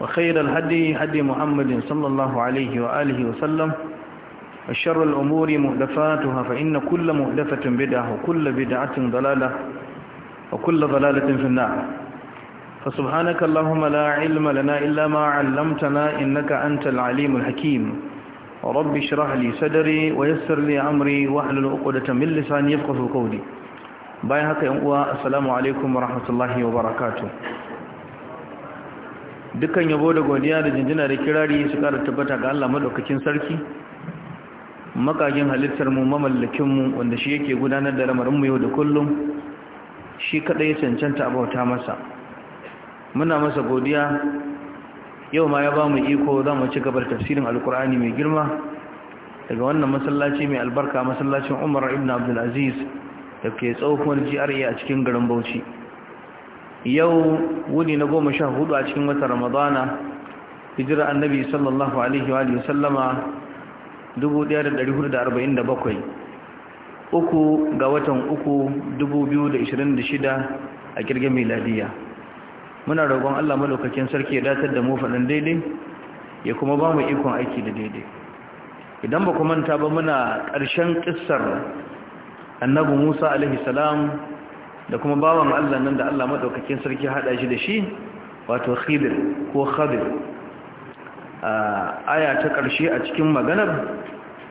وخير الهدي هدي محمد صلى الله عليه وآله وسلم الشر الأمور مهدفاتها فإن كل مهدفة بدعة وكل بدعة ضلالة وكل ضلالة في النار فسبحانك اللهم لا علم لنا إلا ما علمتنا إنك أنت العليم الحكيم رب اشرح لي صدري ويسر لي أمري واحلل عقدة من لساني يفقه قولي باي هكا السلام عليكم ورحمة الله وبركاته dukkan yabo da godiya da jinjina da kirari su kara tabbata ga Allah madaukakin sarki makagin halittar mu mamallakin mu wanda shi yake gudanar da lamarin mu yau da kullum shi ya cancanta abauta masa muna masa godiya yau ma ya ba mu iko za mu ci gaba da tafsirin alkur'ani mai girma daga wannan masallaci mai albarka masallacin Umar ibn Abdul Aziz da ke tsohuwar GRA a cikin garin Bauchi yau wuni na goma sha hudu a cikin wata ramadana hijira annabi sallallahu alaihi wa sallama 1447 uku ga watan uku 2026 a kirgin miladiya muna roƙon allah malaukakin sarki ya datar da mu faɗin daidai ya kuma ba mu ikon aiki da daidai idan ba ku manta ba muna ƙarshen ƙissar annabi musa alaihi salam da kuma bawan Allah nan da Allah madaukakin sarki hada shi da shi wato khidir ko khadir aya ta karshe a cikin maganar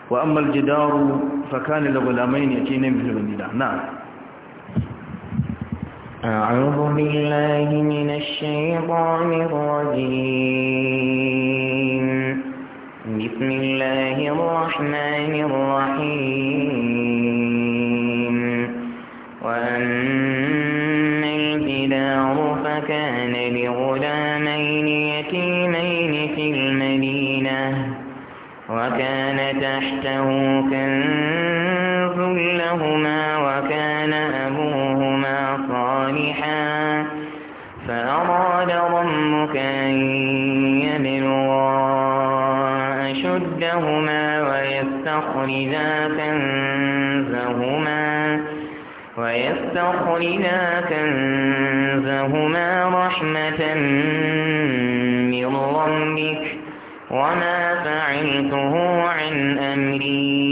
wa ammal jidaru fa kana lil gulamayn yatina bil madina na'am أعوذ بالله من الشيطان الرجيم بسم الله الرحمن الرحيم وأن كان لغلامين يتيمين في المدينة وكان تحته كنز لهما وكان أبوهما صالحا فأراد ربك أن يبلغا أشدهما ويستخرجا كنزهما ويستخرجا كنزهما من ربك وما فعلته عن أمري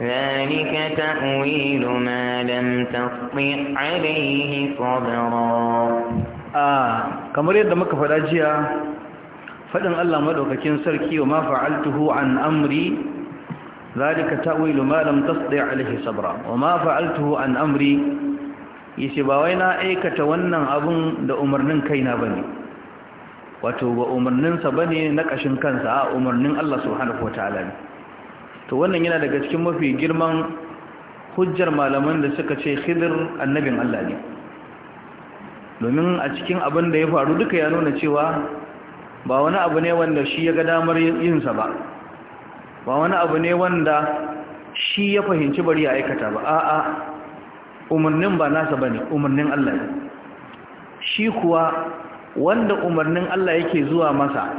ذلك تأويل ما لم تسطع عليه صبرا آه كما يريد مكة فلاجيا فدن الله مدوكاكين سركي وما فعلته عن أمري ذلك تأويل ما لم تسطع عليه صبرا وما فعلته عن أمري yace ba wai na aikata wannan abun da umarnin kaina bane wato ba umarnin sa bane na kashin kansa a umarnin Allah subhanahu wataala ne to wannan yana daga cikin mafi girman hujjar malaman da suka ce Khidir annabin Allah ne domin a cikin abin da ya faru duka ya nuna cewa ba wani abu ne wanda shi ya ga damar yinsa ba ba wani abu ne wanda shi ya fahimci bari ya aikata ba a'a umarnin ba nasa ba ne umarnin Allah ne shi kuwa wanda umarnin Allah yake zuwa masa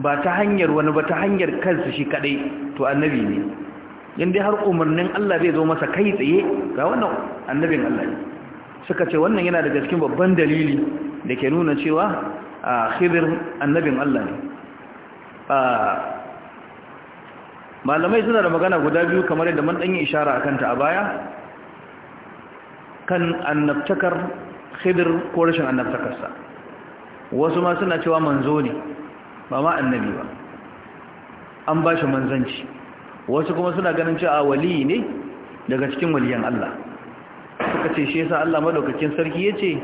ba ta hanyar wani ba ta hanyar kansa shi kadai to annabi ne inda har umarnin Allah zai zo masa kai tsaye ga wannan annabin Allah ne suka ce wannan yana daga cikin babban dalili da ke nuna cewa a khidir annabin Allah ne malamai suna da magana guda biyu kamar yadda man danyi ishara akanta a baya kan annabtakar khidir ko rashin annabtakarsa wasu ma suna cewa manzo ne ba ma annabi ba an ba shi manzanci wasu kuma suna ganin cewa wali ne daga cikin waliyan Allah suka ce shi yasa Allah madaukakin sarki yace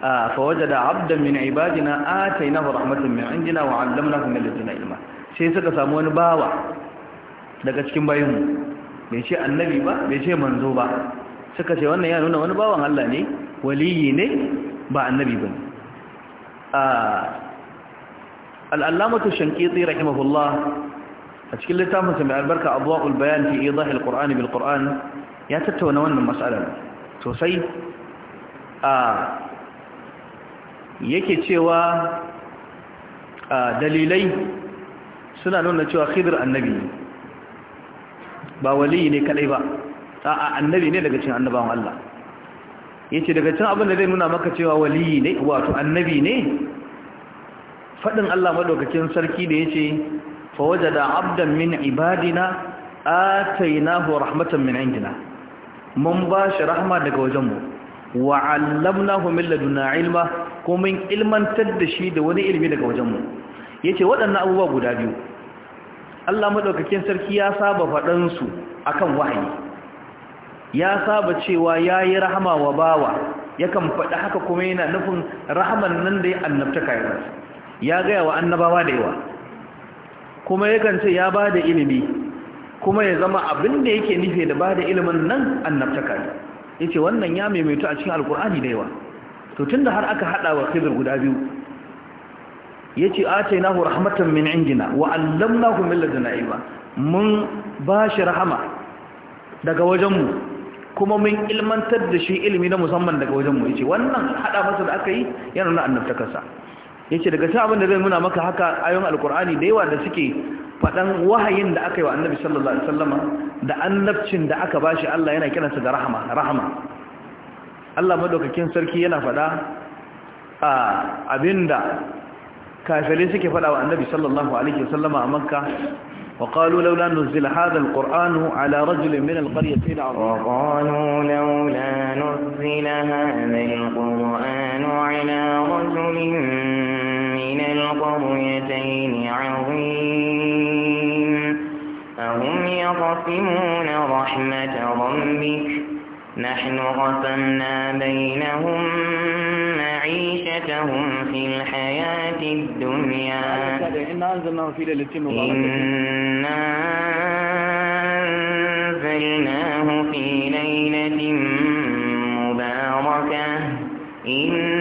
fa wajada abdan min ibadina atainahu rahmatan min indina wa 'allamnahu min ladina ilma sai suka samu wani bawa daga cikin bayinmu bai ce annabi ba bai ce manzo ba suka ce wannan ya nuna wani bawan Allah ne waliyi ne ba annabi ba al'allamatu shankiti rahimahullah a cikin littafin sami albarka abuwa'ul bayan fi idahi al-qur'ani bil qur'an ya tattauna wannan matsalar sosai a yake cewa dalilai suna nuna cewa khidir annabi ba waliyi ne kadai ba a'a annabi ne daga cikin annabawan Allah ya ce daga cikin abin da zai nuna maka cewa waliyi ne wato annabi ne Faɗin Allah madaukakin sarki da ya ce, fa wajada abdan min ibadina atainahu rahmatan min indina mun bashi rahma daga wajenmu wa 'allamnahu min laduna ilma ko kuma ilmantar da shi da wani ilimi daga wajenmu ya ce waɗannan abubuwa guda biyu Allah madaukakin sarki ya saba faɗansu su akan wahayi ya saba cewa yayi rahama wa bawa yakan faɗi haka kuma yana nufin rahaman nan da ya annabta kai ya gaya wa annabawa da yawa kuma yakan ce ya ba da ilimi kuma ya zama abin da yake nufi da bada ilimin nan annabtaka Ya yace wannan ya maimaito a cikin alkur'ani da yawa to tunda har aka haɗa wa khidr guda biyu yace atainahu rahmatan min indina wa allamnahu min ladina ba. mun bashi rahama daga wajenmu kuma mun ilmantar da shi ilimi na musamman daga wajen mu yace wannan hada masa da aka yi yana nuna annabtakarsa yace daga sai abin da zai nuna maka haka ayoyin alkur'ani da yawa da suke faɗan wahayin da aka yi wa annabi sallallahu alaihi wasallama da annabcin da aka bashi Allah yana sa da rahama rahama Allah madaukakin sarki yana faɗa a abinda kafirai suke faɗa wa annabi sallallahu alaihi wasallama a makka وقالوا لولا نزل هذا القرآن على رجل من القرية عظيم وقالوا لولا نزل هذا القرآن على رجل من القريتين عظيم أهم يقسمون رحمة ربك نحن قسمنا بينهم معيشتهم في الحياة الدنيا إن في ليلة 嗯。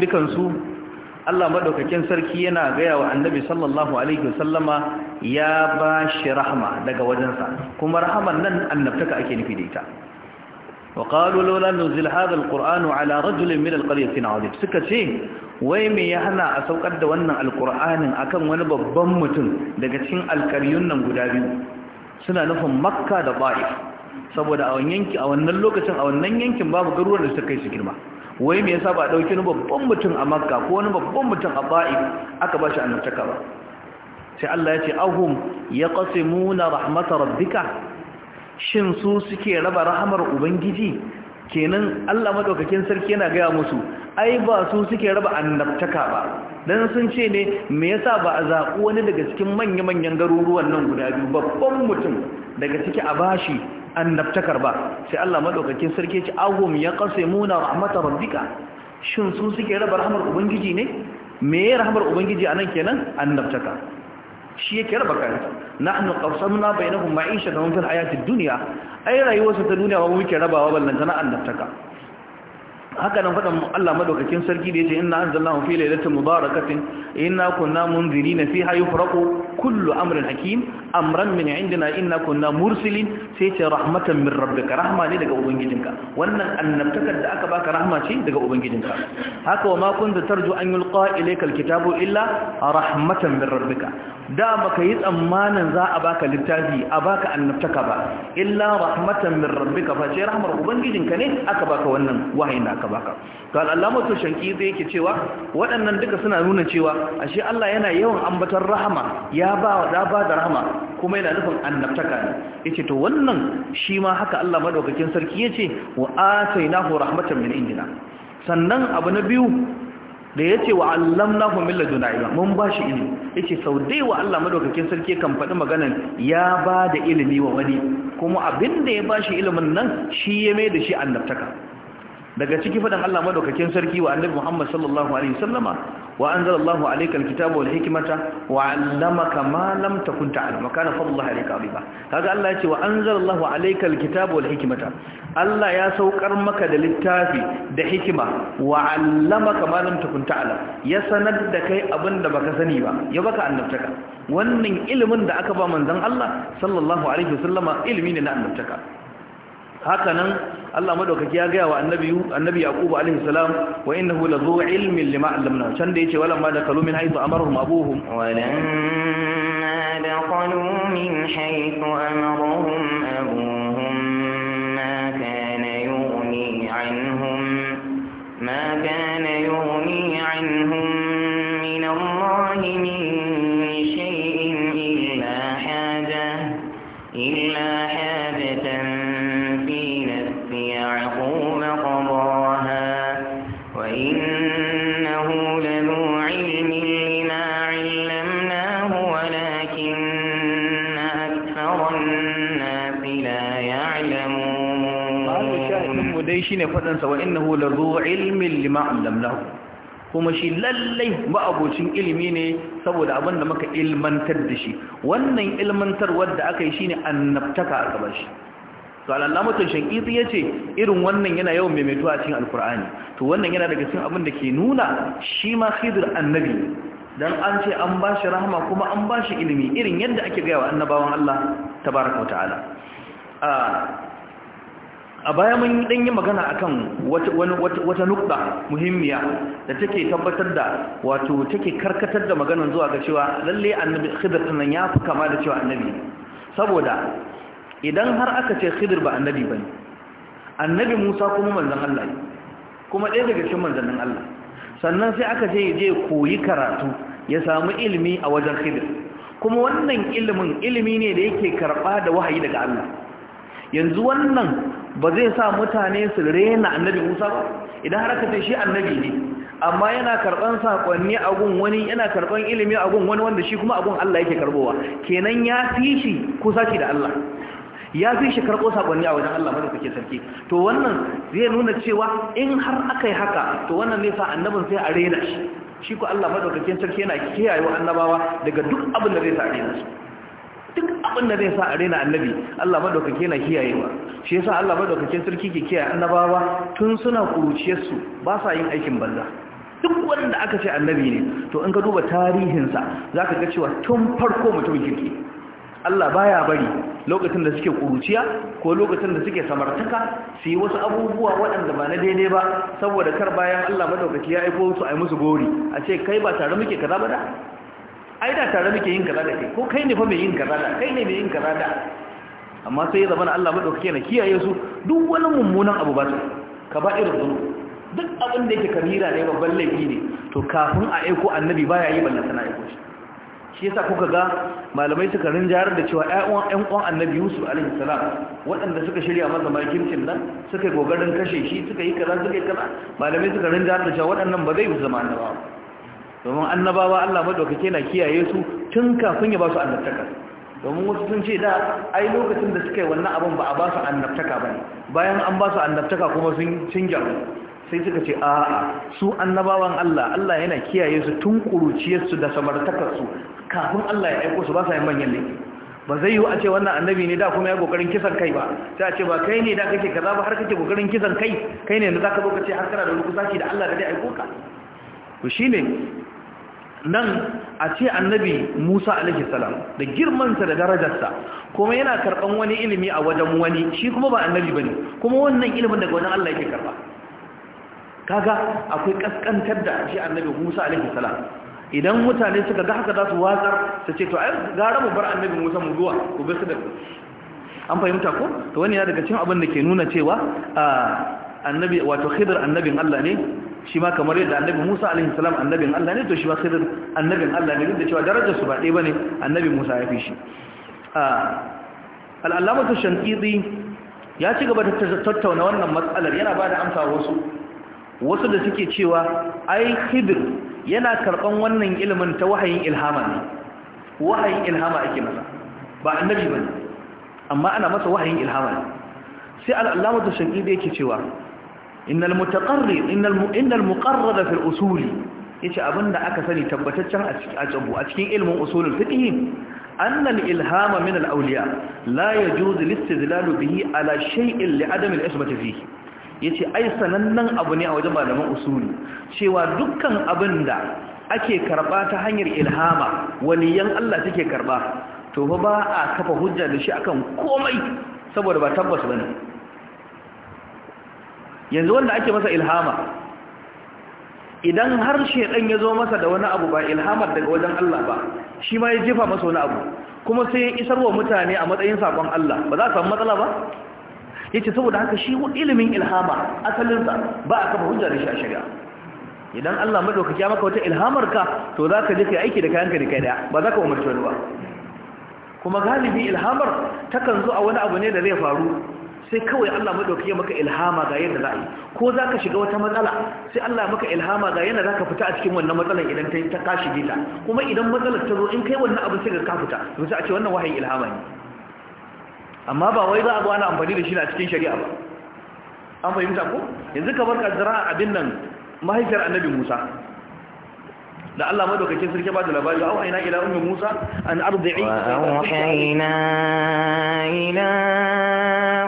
dukansu Allah maɗaukakin sarki yana gaya wa annabi sallallahu alaihi wasallama ya ba shi rahma daga wajensa kuma rahaman nan annabtaka ake nufi da ita wa qalu laula nuzil hadha alquran ala rajulin min alqaryatin azim suka ce wai me ya hana a saukar da wannan alquranin akan wani babban mutum daga cikin alqaryun nan guda biyu suna nufin makka da ba'if saboda a wannan a wannan lokacin a wannan yankin babu garuruwan da suka kai su girma wai me yasa ba dauki wani babban mutum a makka ko wani babban mutum a ba'i aka ba shi annabtaka ba sai Allah ya ce ahum yaqsimuna rahmatar rabbika shin su suke raba rahamar ubangiji kenan Allah madaukakin sarki yana gaya musu ai ba su suke raba annabtaka ba dan sun ce ne me yasa ba a zaku wani daga cikin manya-manyan garuruwan nan guda biyu babban mutum daga ciki a bashi annabtakar ba sai Allah madaukakin sarki ce ahum yaqsimuna rahmatar rabbika shin su suke raba rahmar ubangiji ne me rahmar ubangiji anan kenan annabtaka shi yake raba Na nahnu qasamna bainahum ma'ishatan fil hayatid dunya ai rayuwar su ta duniya ba muke rabawa ballan tana annabtaka haka nan fadan Allah madaukakin sarki da yace inna anzalnahu fi lailatin mubarakatin inna kunna munzirina fiha yufraqu kullu amrin hakim amran min indina inna kunna mursilin sai ce rahmatan min rabbika rahma ne daga ubangijinka wannan annabtakar da aka baka rahma ce daga ubangijinka haka wa ma kunta tarju an yulqa ilayka alkitabu illa rahmatan min rabbika da maka yi tsammanin za a baka littafi a baka annabtaka ba illa rahmatan min rabbika fa ce rahmar ubangijinka ne aka baka wannan wahayin da aka baka to shanki zai yake cewa waɗannan duka suna nuna cewa ashe Allah yana yawan ambatar rahama ya ba wa da da rahama kuma yana nufin annabtaka ne Ya ce to wannan shi ma haka Allah maɗaukakin sarki ya yace wa atainahu rahmatan min indina sannan abu na biyu da ya ce wa allamnahu milla juna ila mun ba shi ilimi ce sau dai wa Allah maɗaukakin sarki kan faɗi maganan ya ba da ilimi wa wani kuma abin da ya ba shi ilimin nan shi ya mai da shi annabtaka daga ciki fadan Allah madaukakin sarki wa annabi Muhammad sallallahu alaihi wasallama wa anzalallahu alayka alkitaba wal hikmata wa 'allamaka ma lam takun ta'lam kana fadlullahi alayka azima kaga Allah ce wa anzalallahu alayka alkitaba wal hikmata Allah ya saukar maka da littafi da hikima wa 'allamaka ma lam takun ta'lam ya sanar da kai abinda baka sani ba ya baka annabtaka wannan ilimin da aka ba manzon Allah sallallahu alaihi wasallama ilimi ne na annabtaka haka nan Allah madaukaki ya gaya wa annabi annabi yaqub alaihi salam wa innahu la zu ilmin lima allamna can da yace walamma da kalu haythu amaruhum abuhum walamma da kalumin haythu amaruhum abuhum ma kana yughni anhum ma kana yughni anhum faɗinsa wa innahu la zuwa ilmin lima allamnahu kuma shi lallai ma'abocin ilimi ne saboda abin da muka ilmantar da shi wannan ilmantar wadda aka yi shine annabtaka a gaba shi to al'alamutun shankizi ya ce irin wannan yana yawan maimaito a cikin alkur'ani to wannan yana daga cikin abin da ke nuna shi ma khidir annabi dan an ce an ba shi rahama kuma an ba shi ilimi irin yadda ake gaya wa annabawan Allah tabaraka wa ta'ala ah, a baya mun yi yi magana akan wata wata nukta muhimmiya da take tabbatar da wato take karkatar da maganar zuwa ga cewa lalle annabi khidir nan ya fi kama da cewa annabi saboda idan har aka ce khidr ba annabi ne, annabi Musa kuma manzan Allah kuma ɗaya daga cikin manzannin Allah sannan sai aka ce je koyi karatu ya samu ilimi a wajen khidr kuma wannan ilimin ilimi ne da yake karɓa da wahayi daga Allah yanzu wannan ba zai sa mutane su rena annabi Musa ba idan har ka shi annabi ne amma yana karban sakonni a gun wani yana karban ilimi a gun wani wanda shi kuma a gun Allah yake karbowa kenan ya fi shi kusa ki da Allah ya fi shi karbo sakonni a wajen Allah madaukake sarki to wannan zai nuna cewa in har aka yi haka to wannan ne sa annabin sai a rena shi shi ko Allah ke sarki yana kiyaye wa annabawa daga duk abin da zai sa a rena su duk abin da zai sa a rena annabi Allah madaukake na kiyayewa shi yasa Allah madaukake sarki ke kiyaye annabawa tun suna kuruciyarsu ba sa yin aikin banza duk wanda aka ce annabi ne to in ka duba tarihinsa za ka ga cewa tun farko mutum kirki Allah baya bari lokacin da suke kuruciya ko lokacin da suke samartaka su yi wasu abubuwa waɗanda ba na daidai ba saboda kar bayan Allah madaukake ya aiko su a yi musu gori a ce kai ba tare muke kaza ba da ai da tare muke yin kaza da kai ko kai ne fa mai yin kaza da kai ne mai yin kaza da amma sai ya zama na Allah madaukake na kiyaye su duk wani mummunan abu ba su ka ba irin zunu duk abin da yake kabira ne babban laifi ne to kafin a aiko annabi baya yi ballan sana aiko shi shi yasa kuka ga malamai suka rinjayar da cewa ƴan ƴan uwan annabi Yusuf alaihi salam waɗanda suka shirya masa makincin nan suka yi gogarin kashe shi suka yi kaza suka yi kaza malamai suka rinjayar da cewa waɗannan ba zai yi zama annabawa domin annabawa Allah madaukake na kiyaye su tun kafin ya ba su annabtaka domin wasu sun ce da ai lokacin da suka yi wannan abin ba a ba su annabtaka ba ne bayan an ba su annabtaka kuma sun cinja sai suka ce a'a su annabawan Allah Allah yana kiyaye su tun kuruciyarsu da samartakarsu kafin Allah ya aiko su ba sa yin manyan laifi ba zai yiwu a ce wannan annabi ne da kuma ya kokarin kisan kai ba sai a ce ba kai ne da kake kaza ba har kake kokarin kisan kai kai ne da zaka zo ka ce har kana da lokaci da Allah da zai aiko ka to shine nan a ce annabi Musa alaihi salam da girmansa da darajarsa kuma yana karban wani ilimi a wajen wani shi kuma ba annabi ne, kuma wannan ilimin daga wajen Allah yake karba kaga akwai kaskantar da shi annabi Musa alaihi salam idan mutane suka ga haka za su watsar su ce to ai gara mu bar annabi Musa mu zuwa ku bi su da an fahimta ko to wani ya daga cikin abin da ke nuna cewa ah, annabi wato khidr annabin Allah ne shi ma kamar yadda annabi Musa alaihi salam annabin Allah ne to shi ma khidr annabin Allah ne duk cewa darajar su ba ɗaya bane annabi Musa ya fi shi al-allamatu shanqizi ya ci gaba da tattauna wannan matsalar yana ba da amsa wasu wasu da suke cewa ai khidr yana karban wannan ilimin ta wahayin ilhama ne wahayin ilhama ake masa ba annabi bane amma ana masa wahayin ilhama ne sai al-allamatu shanqizi yake cewa innal mutaqarrib innal innal muqarrab fi al yace abinda aka sani tabbataccen a cikin a cikin ilmin usulul fiqh annal ilhama min al-awliya la yajuz al-istidlal bihi ala shay'in li adam al-isbat fihi yace ai sanannen abu ne a wajen malaman usuli cewa dukkan abinda ake karɓa ta hanyar ilhama waliyan Allah take karɓa, to ba a kafa hujja da shi akan komai saboda ba tabbas ba ne. yanzu wanda ake masa ilhama idan har shedan ya zo masa da wani abu ba ilhamar daga wajen Allah ba shi ma ya jefa masa wani abu kuma sai ya isar wa mutane a matsayin sakon Allah ba za a samu matsala ba yace saboda haka shi ilimin ilhama asalinsa ba a kafa hujja da shi a shari'a idan Allah madaukaki ya maka wata ilhamar ka to za ka je ka aiki da kayanka da kai daya ba za ka umarci wani ba kuma galibi ilhamar takan zo a wani abu ne da zai faru sai kawai Allah madauki ya maka ilhama ga yadda za yi ko za ka shiga wata matsala sai Allah maka ilhama ga yadda za ka fita a cikin wannan matsalar idan ta ka kashi gita kuma idan matsalar ta zo in kai wannan abin sai ka fita to sai a ce wannan wahayin ilhama ne amma ba wai za a zo amfani da shi a cikin shari'a ba an fahimta ko yanzu ka bar kaddara abin nan mahaifiyar annabi Musa da Allah madaukakin sarki ba da labari wa auhayna ila ummi Musa an ardi'i wa auhayna ila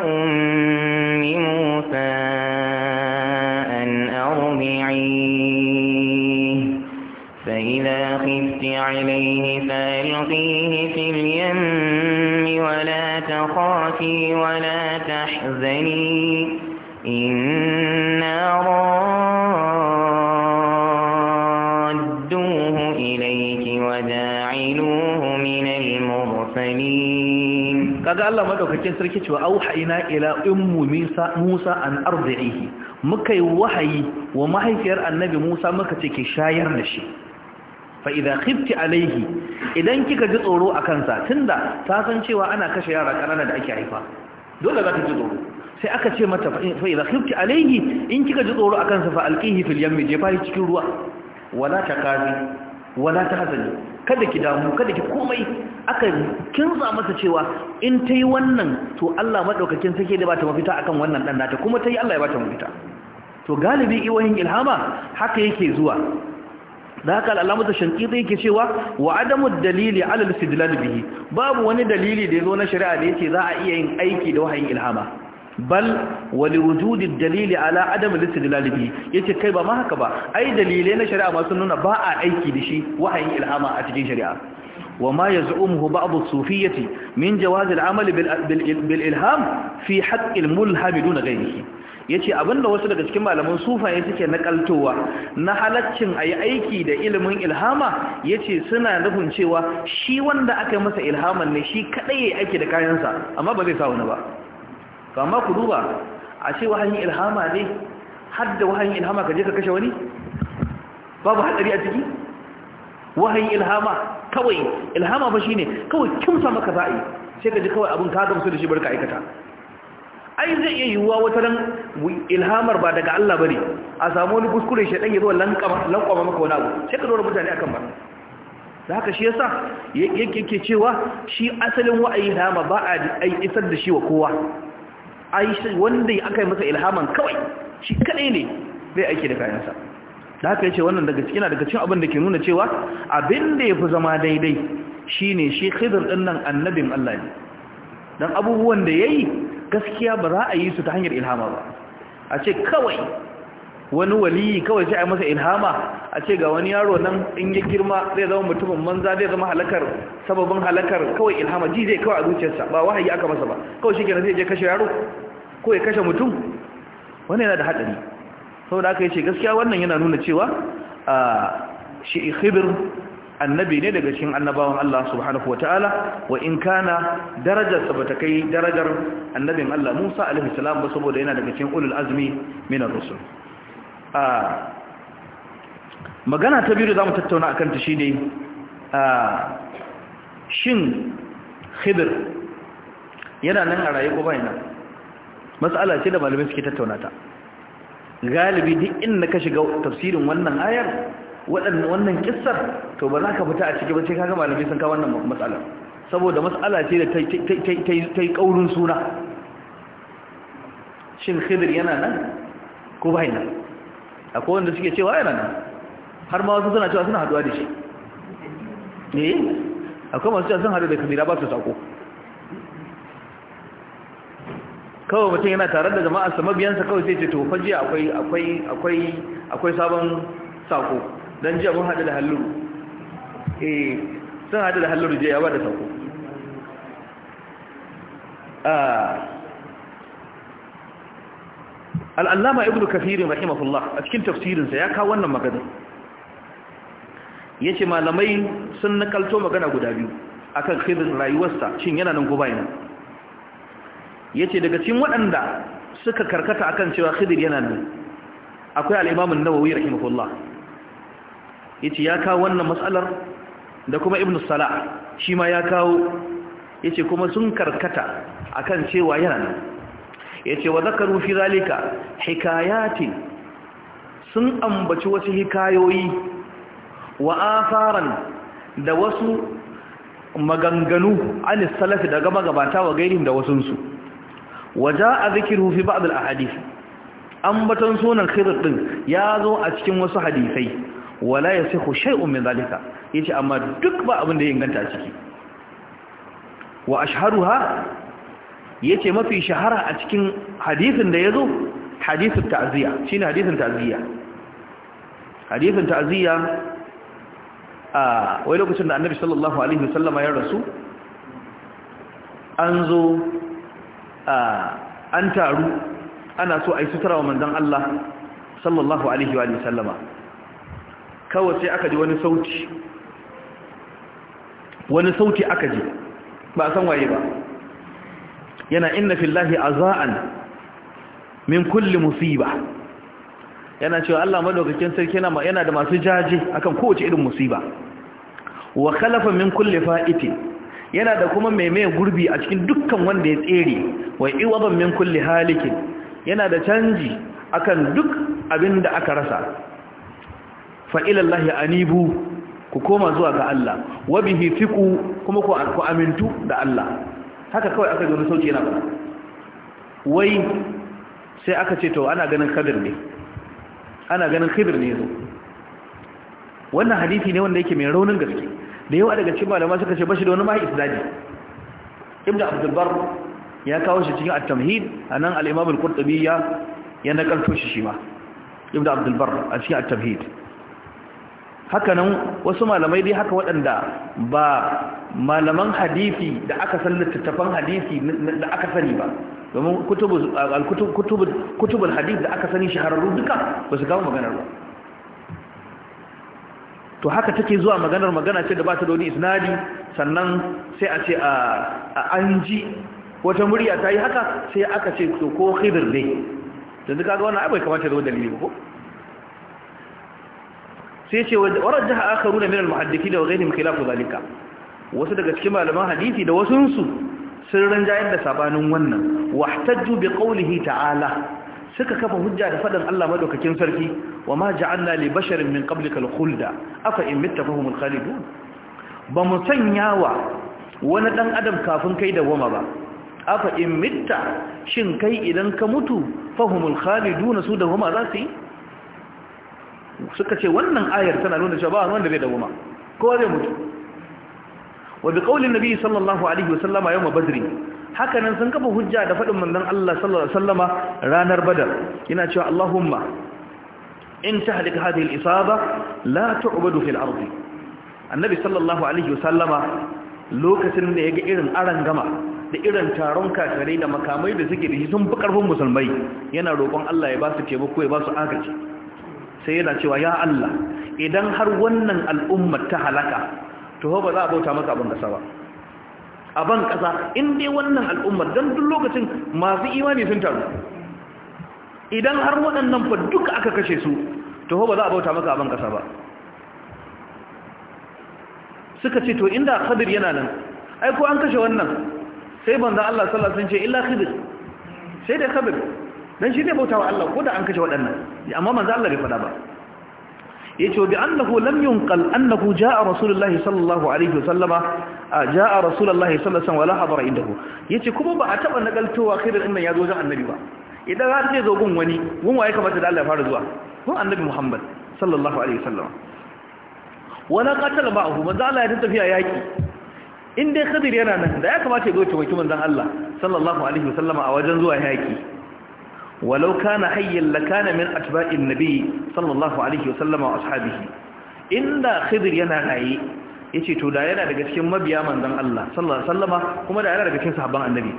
ummi Musa an ardi'i fa idha khifti alayhi falqihi fil yam wa la takhafi wa la tahzani inna sanin kaga Allah madaukakin sarki cewa auhayna ila ummu Musa Musa an ardihi muka yi wahayi wa mahaifiyar annabi Musa muka ce ki shayar da shi fa idza khifti alayhi idan kika ji tsoro akan sa tunda ta san cewa ana kashe yara kanana da ake haifa dole za ta ji tsoro sai aka ce mata fa idza khifti alayhi in kika ji tsoro akan sa fa alqihi fil yammi jefa cikin ruwa wala takazi wala tahzani kada ki damu kada ki komai aka kinsa masa cewa in ta yi wannan to Allah maɗaukakin sake da ba ta mafita akan wannan ɗan nata kuma ta yi Allah ya ba ta mafita to galibi iwayin ilhama haka yake zuwa da haka al'alamata shankita yake cewa wa adamu dalili alal istidlal bihi babu wani dalili da ya zo na shari'a da yake za a iya yin aiki da wahayin ilhama bal wali wujudi dalili ala adam al-istidlal Ya ce kai ba ma haka ba ai dalilai na shari'a masu nuna ba a aiki da shi wahayin ilhama a cikin shari'a وما يزعمه بعض الصوفية من جواز العمل بالإلهام في حق الملهم دون Ya yace abinda wasu daga cikin malaman sufaye suke nakaltowa na halaccin ayi aiki da ilimin ilhama yace suna nufin cewa shi wanda aka masa ilhaman ne shi kadai yayi aiki da kayansa amma ba zai sa wani ba amma ku duba a ce wahayin ilhama ne Hadda wahayin ilhama ka je ka kashe wani babu hatsari a ciki wahayin ilhama kawai ilhama ba shine kawai kimsa maka za'i sai ka ji kawai abin ka gamsu da shi barka aikata ai zai iya yiwuwa wata ran ilhamar ba daga Allah bane a samu wani kuskure shi dan yazo lankama lankama maka wani abu sai ka dora mutane akan ba da haka shi yasa yake cewa shi asalin wa'ayi dama ba a isar da shi wa kowa aisha wanda aka yi masa ilhaman kawai shi kadai ne zai aiki da kayansa da haka ya ce wannan daga cikin daga cikin abin da ke nuna cewa abin da ya fi zama daidai shine shi khidr ɗin nan annabin Allah ne don abubuwan da ya yi gaskiya ba za a yi su ta hanyar ilhama ba a ce kawai wani waliyi kawai sai a masa ilhama a ce ga wani yaro nan in ya girma zai zama mutumin manza zai zama halakar sababin halakar kawai ilhama ji zai kawai a zuciyarsa ba wahayi aka masa ba kawai shi kenan zai je kashe yaro ko ya kashe mutum Wani yana da hadari saboda aka ce gaskiya wannan yana nuna cewa shi khibir annabi ne daga cikin annabawan Allah subhanahu wataala wa in kana darajarsa bata kai darajar annabin Allah Musa alaihi salam ba saboda yana daga cikin ulul azmi minar rusul magana ta biyu da za mu tattauna a kanta shi ne shin khidir yana nan a raye ko bayan nan matsala ce da malamai suke tattauna ta galibi duk inda ka shiga tafsirin wannan ayar wannan kissar to ba za ka fita a ciki ba sai kaga malamai sun ka wannan matsala saboda matsala ce da ta yi kaurin suna shin khidir yana nan ko bayan nan akwai wanda suke cewa yana nan har ma wasu suna cewa suna haduwa da shi ne eh, akwai masu cewa sun hadu da kamira ba su sako kawai mutum yana tare da jama'a sa mabiyansa kawai sai ce to fa jiya akwai akwai akwai akwai sabon sako dan jiya mun hadu da halluru eh sun hadu da halluru jiya ya ba da sako ah, al'allama ibn kafirin rahimahullah a cikin tafsirinsa ya kawo wannan magana ya ce malamai sun nakalto magana guda biyu a kan khidir rayuwarsa shin yana nan gobe yana ya ce daga cikin waɗanda suka karkata akan cewa khidir yana nan akwai al'imamun nawawi rahimahullah ya ce ya kawo wannan matsalar da kuma ibn salah shi ma ya kawo ya ce kuma sun karkata akan cewa yana nan Ya ce wa zakaru fi zalika hikayatin sun ambaci wasu hikayoyi wa asaran da wasu maganganu an salafi daga magabata wa gairin da wasunsu waja a zikiru fi ba'd al ahadith ambaton sunan khidr ya zo a cikin wasu hadisai wala yasihu hushai min zalika ce amma duk ba abin da ya inganta ciki wa ashharuha yace mafi shahara a cikin hadisin da yazo hadisin ta'ziya ne hadisin ta'ziya hadisin ta'ziya a wai lokacin da annabi sallallahu alaihi wasallama ya rasu an zo an taru ana so a yi sutura wa manzan Allah sallallahu alaihi wa sallama kawai sai aka ji wani sauti wani sauti aka ji ba san waye ba yana inna fillahi azaan min kulli musiba yana cewa Allah madaukakin sarki yana yana da masu jaje akan kowace irin musiba wa khalafa min kulli fa'iti yana da kuma maimaye gurbi a cikin dukkan wanda ya tsere wa iwaban min kulli halikin yana da canji akan duk abin da aka rasa fa ila anibu ku koma zuwa ga Allah wa bihi fiku kuma ku amintu da Allah haka kawai aka yi wani sauci yana ba wai sai aka ce to ana ganin kadir ne ana ganin kadir ne zo wannan hadisi ne wanda yake mai raunin gaske da yawa daga cikin malama suka ce bashi da wani mahi isnadi ibnu abdulbar ya kawo shi cikin at-tamhid anan al-imam al-qurtubi ya ya nakalto shi shi ma ibnu abdulbar a cikin at-tamhid haka nan wasu malamai dai haka waɗanda ba malaman hadisi da aka san littattafan hadisi da aka sani ba domin kutubul hadis da aka sani shahararru duka ba su gama maganar ba to haka take zuwa maganar magana ce da ba ta doni isnadi sannan sai a ce a an ji wata murya ta yi haka sai aka ce to ko khidir ne Da duka kaga wannan abai kamata da wani dalili ko sai ce warar jiha aka min al muhaddiki da wa gainim khilafu zalika wasu daga cikin malaman hadisi da wasunsu sun ranjayar da sabanin wannan wahtajju bi qawlihi ta'ala suka kafa hujja da faɗin Allah madaukakin sarki wa ma ja'alna li basharin min qablika al-khulda afa in mitta fahum al-khalidun ba mu sanyawa wani dan adam kafin kai da wama ba afa in mitta shin kai idan ka mutu fahum al-khalidun su da wama za su yi suka ce wannan ayar tana nuna cewa ba wanda bai da wama kowa zai mutu wa bi qaulin nabi sallallahu alaihi wasallama haka nan sun kafa hujja da fadin manzon Allah sallallahu alaihi wasallama ranar badar Ina cewa Allahumma in tahlik hadhihi al-isaba la tu'badu fil ardi annabi sallallahu alaihi wasallama lokacin da ya ga irin arangama da irin taron kakarai da makamai da suke da shi sun bukarfin karfin musulmai yana roƙon Allah ya ba su taimako ya ba su agaji sai yana cewa ya Allah idan har wannan al'ummar ta halaka to ba za a bauta masa abin kasa ba a ban kasa in dai wannan al'ummar don duk lokacin masu imani sun taru idan har waɗannan fa duka aka kashe su to ba za a bauta masa a ban kasa ba suka ce to inda khadir yana nan ai ko an kashe wannan sai banza Allah sallallahu alaihi wasallam ce illa khadir sai da khadir dan shi ne bautawa Allah ko da an kashe waɗannan amma manzo Allah bai faɗa ba Ya yace bi annahu lam yunqal annahu a rasulullahi sallallahu alaihi wasallama jaa rasulullahi sallallahu alaihi wasallam wala hadara Ya ce kuma ba a taba nagaltowa khairin ya zo wajen annabi ba idan har zai zo gun wani gun waye kamata da Allah ya fara zuwa gun annabi Muhammad sallallahu alaihi wasallam wala qatal ba'hu manzo Allah ya tafiya yaki in dai khadir yana nan da ya kamata ya zo ta waki manzon Allah sallallahu alaihi wasallama a wajen zuwa yaki walau kana hayyan lakana min atba'in nabi sallallahu alaihi wasallam wa ashabihi inda khidir yana raye yace to da yana daga cikin mabiya manzon Allah sallallahu alaihi wasallama kuma da yana daga cikin sahabban annabi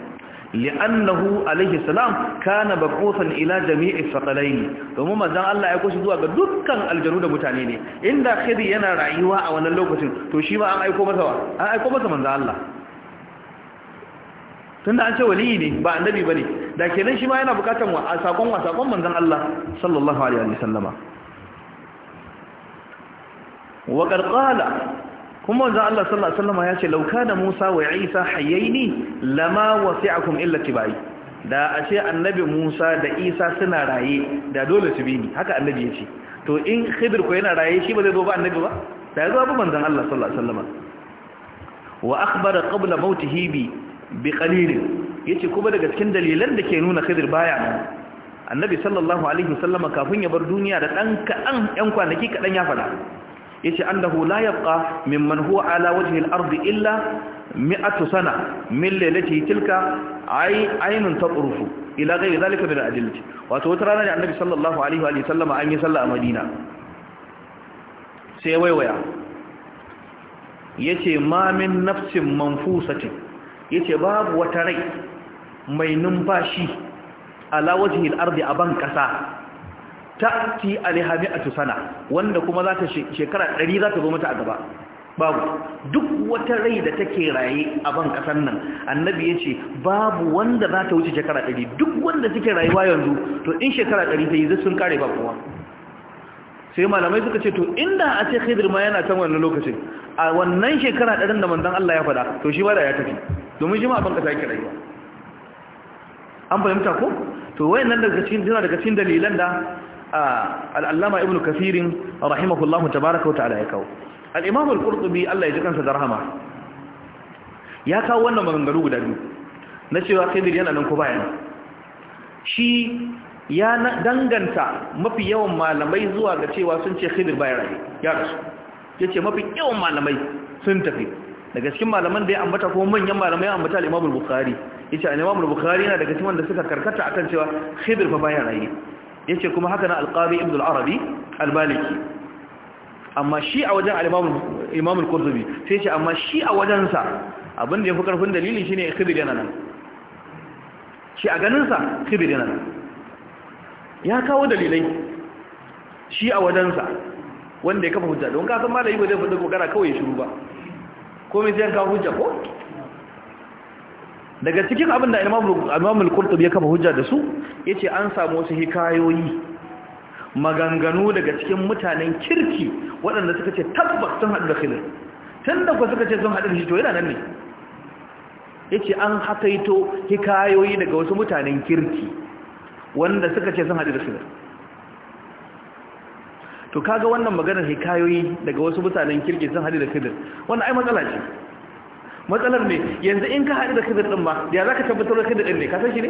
li'annahu alaihi salam kana mab'uthan ila jami'i thaqalain domin manzon Allah ya koshi zuwa ga dukkan aljanu da mutane ne inda khidi yana rayuwa a wannan lokacin to shi ma an aiko masa an aiko masa manzon Allah tunda an ce waliyi ne ba annabi ba ne da kenan shi ma yana bukatan wa sakon wa sakon manzon Allah sallallahu alaihi wa sallama wa qad kuma manzon Allah sallallahu alaihi wa sallama yace law kana Musa wa Isa hayaini lama wasi'akum illa tibai da a ce annabi Musa da Isa suna raye da dole su bi ni haka annabi ya ce to in Khidir ko yana raye shi ba zai zo ba annabi ba da ya zo ba manzon Allah sallallahu alaihi wa sallama wa akhbara qabla mautihi bi bi qalilin yace kuma daga cikin dalilan da ke nuna Khidir baya annabi sallallahu alaihi wasallama kafin ya bar duniya da dan kadan yan kwanaki kadan ya fada yace annahu la yabqa mimman huwa ala wajhi al-ard illa mi'atu sana min lailati tilka ay aynun taqrufu ila ghayri zalika min al-adillati wato wata rana ne annabi sallallahu alaihi wa sallama an yi sallah a Madina sai waiwaya yace ma min nafsin manfusatin yace babu wata rai mai numfashi ala wajhil ardi aban kasa ta'ti alhami'atu sana wanda kuma za ta shekara 100 za ta zo mata a gaba babu duk wata rai da take raye a ban kasan nan annabi yace babu wanda za ta wuce shekara 100 duk wanda take rayuwa yanzu to in shekara 100 ta yi zai sun kare ba kowa sai malamai suka ce to inda a ce khidir ma yana can wannan lokacin a wannan shekara ɗarin da manzon Allah ya faɗa to shi ba da ya tafi domin shi ma abin kasa yake rayuwa an fahimta ko to wayannan daga cikin daga cikin dalilan da al Ibn Kathir rahimahullahu tabaaraka wa ta'ala ya kawo al al-Qurtubi Allah ya ji kansa da rahama ya kawo wannan maganganu guda biyu na cewa khidir yana nan ko baya shi ya danganta mafi yawan malamai zuwa ga cewa sun ce khidir bai rai ya rasu ya ce mafi yawan malamai sun tafi daga cikin malaman da ya ambata ko manyan malamai ya ambata al-imam al-bukhari yace al-imam al-bukhari yana daga cikin wanda suka karkata akan cewa khidir fa bai Ya yace kuma haka na al-qadi ibn al-arabi al-maliki amma shi a wajen al-imam imam al-qurtubi sai yace amma shi a wajen sa abin da yafi karfin dalili shine khidir yana nan shi a ganin sa khidir yana nan ya kawo dalilai shi a wajensa wanda ya kafa hujja don kasan malami yi wajen faɗi kokara kawai ya shiru ba komai sai ya kawo hujja ko daga cikin abin da imam al ya kafa hujja da su ya ce an samu wasu hikayoyi maganganu daga cikin mutanen kirki waɗanda suka ce tabbas sun haɗu da tun da ku suka ce sun haɗu da shi to yana nan ne ya ce an hakaito hikayoyi daga wasu mutanen kirki wanda suka ce sun haɗu da su to kaga wannan maganar hikayoyi daga wasu mutanen kirki sun haɗu da kidir wannan ai matsala ce matsalar ne yanzu in ka haɗu da kidir ɗin ma ya za ka tabbatar da kidir ɗin ne ka san shi ne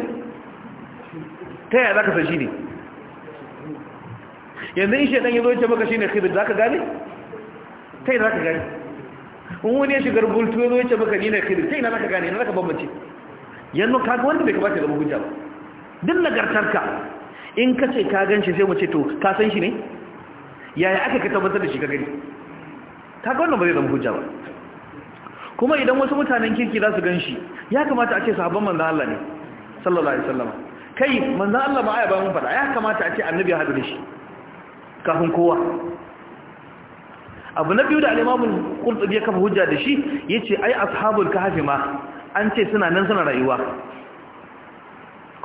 ta yaya za ka san shi ne yanzu in shaidan ya zo ce maka shi ne khidir za ka gane ta yi za ka gane in wani ya shigar bultu ya zo ce maka ni ne kidir ta na za ka gane na za ka bambance yanzu kaga wanda bai kamata ya zama hujja ba duk nagartarka in ka ce ka gan shi sai mu ce to ka san shi ne yaya aka ka tabbatar da shi ka gani ta ga wannan ba zai zama hujja ba kuma idan wasu mutanen kirki za su gan shi ya kamata a ce sahabban manzan Allah ne sallallahu alaihi wasallam kai manzan Allah ba aya ba mun faɗa ya kamata a ce annabi ya haɗu da shi kafin kowa abu na biyu da al-imamul qurtubi ya kafa hujja da shi yace ai ashabul kahfi ma an ce suna nan suna rayuwa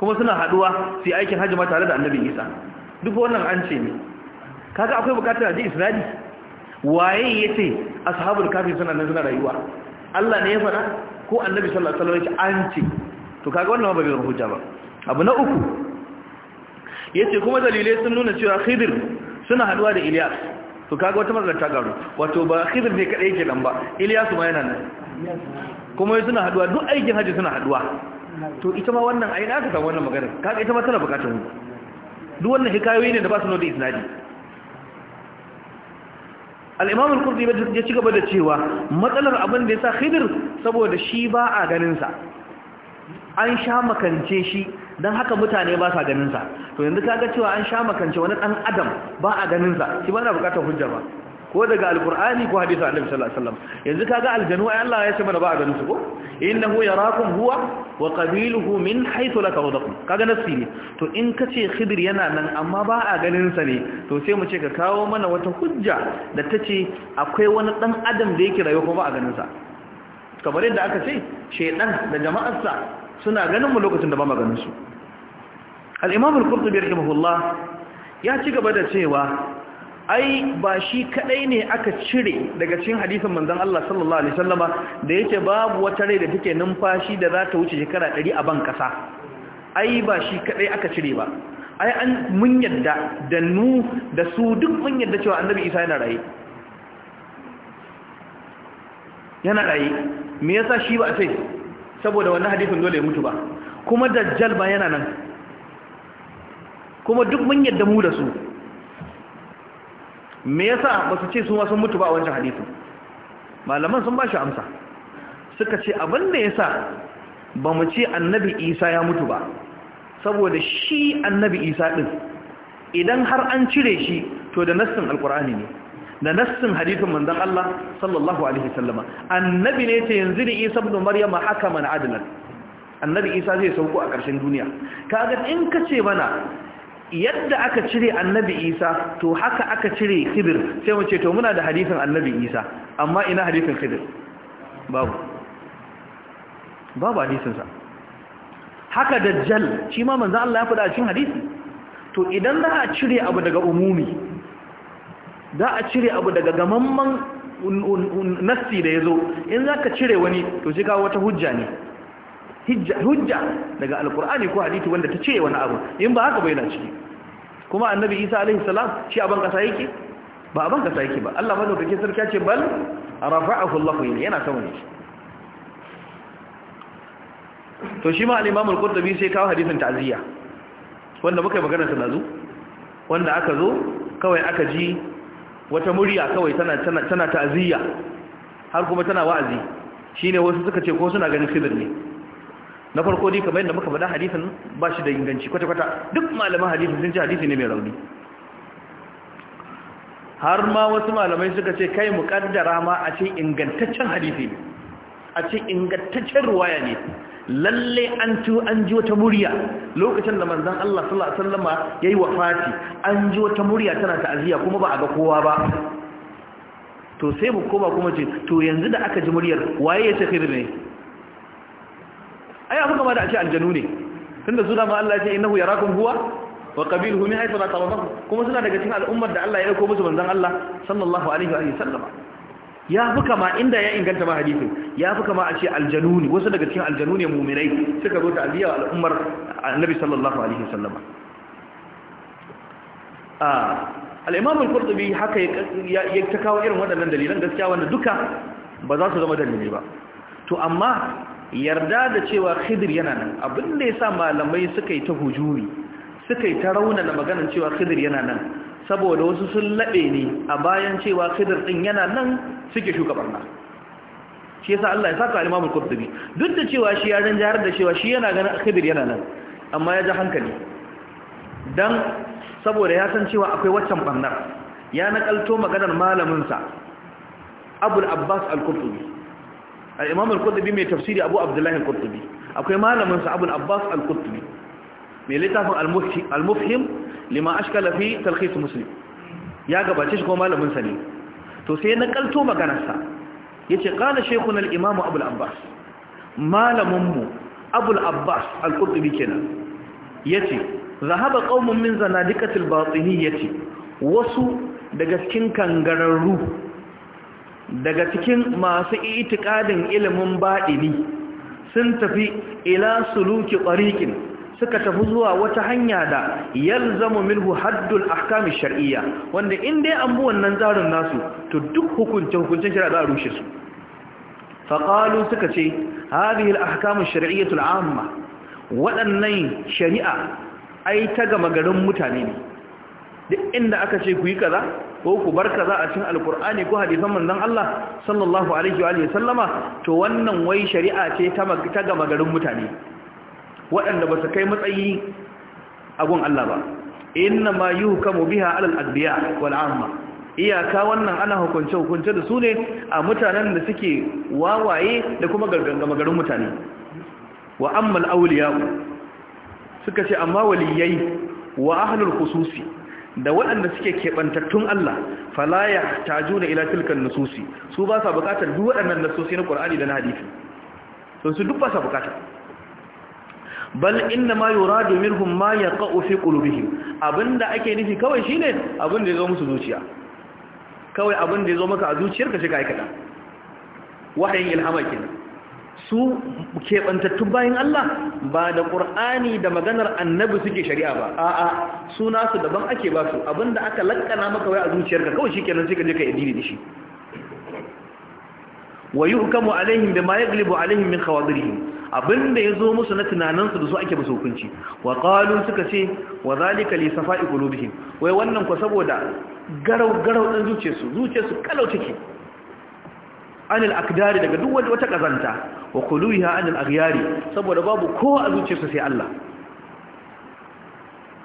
kuma suna haduwa su aikin hajji ma tare da annabi isa duk wannan an ce ne kaga akwai bukatar a ji isra'ili waye ya ce sahabar kafin suna nan suna rayuwa Allah ne ya faɗa ko annabi sallallahu alaihi wasallam an ce to kaga wannan ba bai ba abu na uku ce kuma dalilai sun nuna cewa khidir suna haduwa da Iliyas? to kaga wata matsalar ta garu wato ba khidir ne kadai yake nan ba Iliyas ma yana nan kuma suna haduwa duk aikin haji suna haduwa to ita ma wannan ayin aka samu wannan magana kaga ita ma tana bukatun hujja duk wannan hikayoyi ne da ba su da isnadi al-imam al-qurtubi ya ci gaba da cewa matsalar abin da yasa khidr saboda shi ba a ganin sa an sha makance shi don haka mutane ba sa ganinsa to yanzu kaga cewa an sha makance wani ɗan adam ba a ganinsa shi ba na bukatun hujja ba ko daga alkur'ani ko hadisi annabi sallallahu alaihi wasallam yanzu kaga aljanu ai Allah ya ce mana ba a ganin su ko innahu yarakum huwa wa qabiluhu min haythu la tawdakum kaga nafsi ne to in kace khidir yana nan amma ba a ganin sa ne to sai mu ce ka kawo mana wata hujja da tace akwai wani dan adam da yake rayuwa ko ba a ganin sa kamar yadda aka ce shedan da jama'arsa suna ganin mu lokacin da ba mu ganin su al-imam al-qurtubi rahimahullah ya ci gaba da cewa ai ba shi kadai ne aka cire daga cikin hadisin manzon Allah sallallahu alaihi wasallama da yake babu wata rai da take numfashi da za ta wuce shekara 100 a ban kasa ai ba shi kadai aka cire ba ai an mun yadda da nu da su duk mun yadda cewa annabi Isa yana raye yana raye me yasa shi ba a ce saboda wannan hadisin dole ya mutu ba kuma dajjal ba yana nan kuma duk mun yadda mu da su me yasa ba su ce su ma sun mutu ba a wancan hadisin malaman sun ba shi amsa suka ce abin da yasa ba mu ce annabi isa ya mutu ba saboda shi annabi isa din idan har an cire shi to da nassin alkur'ani ne da nassin hadithin manzon Allah sallallahu alaihi sallama annabi ne ta yanzu ne Isa ibn Maryam hakaman adilan. annabi Isa zai sauko a ƙarshen duniya kaga in kace mana yadda aka cire annabi isa to haka aka cire kibir sai mace to muna da hadisin annabi isa amma ina hadisin kibir babu babu hadisinsa haka dajjal shi ma manzo Allah ya faɗa a cikin hadisi to idan za a cire abu daga umumi za a cire abu daga gamamman nassi da yazo in zaka cire wani to shi ka wata hujja ne hujja daga alkur'ani ko hadisi wanda ta ce wani abu in ba haka bai na ciki kuma annabi isa alaihi salam shi a ban kasa yake ba a ban kasa yake ba Allah madaukake sarki ya ce bal rafa'ahu Allah yana sama ne to shi ma al-imam al-qurtubi sai kawo hadisin ta'ziya wanda muka yi magana ta nazu wanda aka zo kawai aka ji wata murya kawai tana tana ta'ziya har kuma tana wa'azi shine wasu suka ce ko suna ganin khidir ne na farko dai kamar yadda muka faɗa hadisin ba shi da inganci kwata-kwata duk malaman hadisin sun ce hadisi ne mai rauni har ma wasu malamai suka ce kai mu kaddara ma a ce ingantaccen hadisi ne a ce ingantaccen ruwaya ne lalle an ci an ji wata murya lokacin da manzon Allah sallallahu alaihi yi yayi wafati an ji wata murya tana ta'aziya kuma ba a ga kowa ba to sai mu koma kuma ce to yanzu da aka ji muryar waye ya ce kai ne ai abu kama da a ce aljanu ne tunda suna ma Allah ya ce innahu yarakum huwa wa qabiluhu min haythu la tarawun kuma suna daga cikin al'ummar da Allah ya dauko musu manzon Allah sallallahu alaihi wa sallama ya fi kama inda ya inganta ma hadisin ya fi kama a ce aljanu ne wasu daga cikin aljanu ne mu'minai suka zo ta aliyawa al'ummar annabi sallallahu alaihi wa sallama al al-qurtubi haka ya ta kawo irin waɗannan dalilan gaskiya wanda duka ba za su zama dalilai ba to amma yarda da cewa khidir yana nan abin da ya sa malamai suka yi ta hujuri suka yi ta raunana maganin cewa khidir yana nan saboda wasu sun laɓe ne a bayan cewa khidir ɗin yana nan suke shugabanna shi yasa Allah ya saka al-Imam al-Qurtubi duk da cewa shi ya jihar da cewa shi yana ganin khidir yana nan amma ya ji hankali dan saboda ya san cewa akwai waccan bannar ya nakalto maganar malamin sa Abul Abbas al-Qurtubi A imam al mai tafsiri abu abdullahi al akwai malaminsa sa abbas al-qurtubi mai littafin al-mufhim lima ashkala fi talkhis muslim ya gabace shi ko malaminsa ne to sai na kalto maganarsa sa yace qala shaykhun imam abbas malamin mu abu abbas al kenan yace zahaba qaumun min zanadiqatil batiniyyati wasu daga cikin kangararru daga cikin masu itikadin ilimin baɗini sun tafi ila suluki ƙwariƙin suka tafi zuwa wata hanya da yalzamu minhu haddul ahkami shar'iyya wanda in dai an bi wannan tsarin nasu to duk hukuncin hukuncin shari'a za a rushe su faƙalu suka ce hadhihi al-ahkamu shar'iyyatu al-amma waɗannan shari'a ai ta gama garin mutane ne duk inda aka ce ku yi kaza ko ku bar kaza a cikin alkur'ani ko hadisan manzon Allah sallallahu alaihi wa sallama to wannan wai shari'a ce ta ta gama garin mutane waɗanda ba su kai matsayi a gun Allah ba inna ma yuhkamu biha alal adbiya wal amma iyaka wannan ana hukunce hukunce da su ne a mutanen da suke wawaye da kuma gama garin mutane wa ammal awliya suka ce amma waliyai wa ahlul khususi da waɗanda suke keɓantattun Allah Falaya ta juna ila tilkan nususi su ba sa buƙatar duk waɗannan nususi na Qur'ani da na hadisi Sun su duk ba sa buƙata bal inna ma yuradu minhum ma yaqa'u fi qulubihim abinda ake nufi kawai shine abin da ya zo musu zuciya kawai abinda ya zo maka a zuciyarka shi ka aikata wahayin ilhama kenan su keɓantattun bayan Allah ba da ƙur'ani da maganar annabi suke shari'a ba a'a suna su daban ake ba su abinda aka lakkana maka wai a zuciyarka kawai shi kenan sai ka je ka yi da shi wa yuhkamu alaihim bima yaglibu alaihim min khawadirihim abinda yazo musu na tunaninsu da su ake musu hukunci wa qalu suka ce wa zalika li safa'i qulubihim wai wannan ko saboda garau garau din zuciyarsu zuciyarsu kalau take anil akdari daga duk wata kazanta wa kuluha anil aghyari saboda babu ko a zuciyarsa sai Allah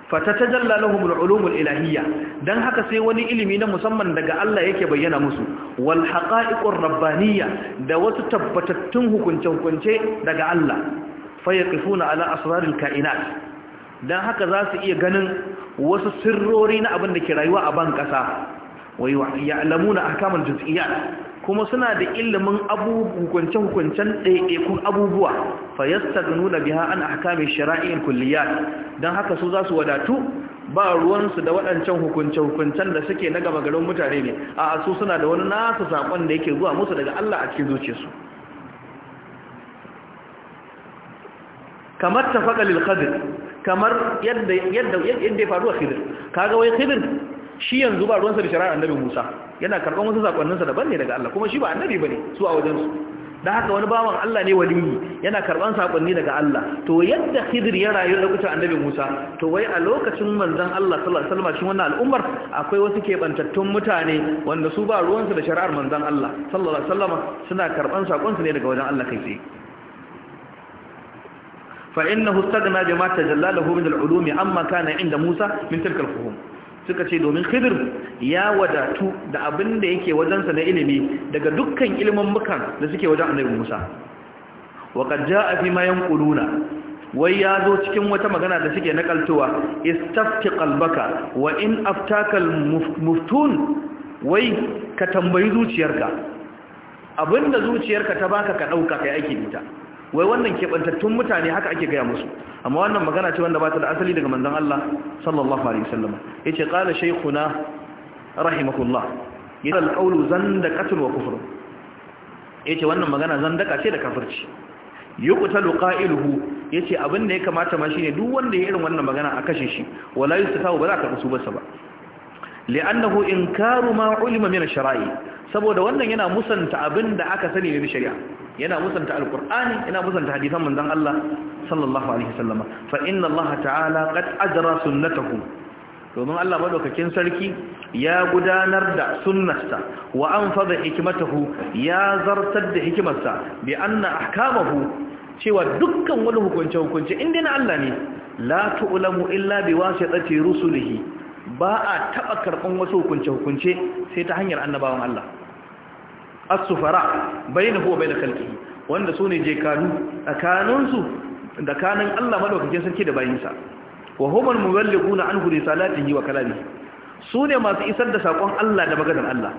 fatatajalla lahumul ulumul ilahiyya dan haka sai wani ilimi na musamman daga Allah yake bayyana musu wal haqa'iqur rabbaniyya da wasu tabbatattun hukunce-hukunce daga Allah fayaqifuna ala asraril kainat dan haka za su iya ganin wasu sirrori na abin da ke rayuwa a ban kasa wa ya'lamuna ahkamul juz'iyyat kuma suna da ilimin hukunce-hukuncen ɗaiɗaikun abubuwa fa yasta nuna biya an mai shara'in kulliya. don haka su za su wadatu ba ruwansu da waɗancan hukunce-hukuncen da suke na gaba garin mutane ne a su suna da wani nasu saƙon da yake zuwa musu daga Allah a cikin zuciyarsu kamar tafaƙa lil khadir kamar yadda yadda ya faru a khadir kaga wai khadir shi yanzu ba ruwansa da shari'ar annabi Musa yana karɓan wasu sakonninsa daban ne daga Allah kuma shi ba annabi bane su a wajensu. su haka wani bawan Allah ne waliyi yana karɓan sakonni daga Allah to yadda Khidir ya rayu lokacin annabi Musa to wai a lokacin manzon Allah sallallahu alaihi wasallam shi wannan al'ummar akwai wasu kebantattun mutane wanda su ba ruwansu da shari'ar manzon Allah sallallahu alaihi wasallam suna karɓan sakonsu ne daga wajen Allah kai tsaye فإنه استغنى بما تجلى له من amma عما كان عند موسى من تلك الفهوم suka ce domin khidir ya wadatu da abin da yake wajensa na ilimi daga dukkan ilimin mukan da suke wajen annabi musa waƙad a fi mayan yanquluna wai ya zo cikin wata magana da suke nakaltowa istafti kalbaka. wa in aftaka muftun wai ka tambayi zuciyarka abinda zuciyarka ta baka ka dauka kai aiki da wai wannan keɓantattun mutane haka ake gaya musu amma wannan magana ce wanda ba ta da asali daga manzon Allah sallallahu alaihi wasallam yace qala shaykhuna rahimahullah yana alqawlu zandaqatun wa kufrun yace wannan magana zandaka ce da kafirci yuqtalu qailuhu yace abin da ya kamata ma shine duk wanda ya irin wannan magana a kashe shi wala yustatawu ba za ka kusu basa ba li'annahu inkaru ma ulima min ash-shara'i saboda wannan yana musanta abin da aka sani ne na shari'a yana musanta Alkur'ani, yana musanta hadisan manzon Allah sallallahu alaihi wasallam fa inna Allah ta'ala qad ajra sunnatahu domin Allah madaukakin sarki ya gudanar da sunnarsa wa anfadha hikmatahu ya zartar da hikimarsa bi anna ahkamahu cewa dukkan wani hukunce hukunce inda na Allah ne la tu'lamu illa bi wasitati rusulihi ba a taba karban wasu hukunce hukunce sai ta hanyar annabawan Allah as-sufara bainahu wa bain khalqihi wanda sune je kanu tsakaninsu da kanin Allah madaukakin sarki da bayinsa wa humul muballighuna anhu risalatihi wa kalamihi sune masu isar da sakon Allah da maganar Allah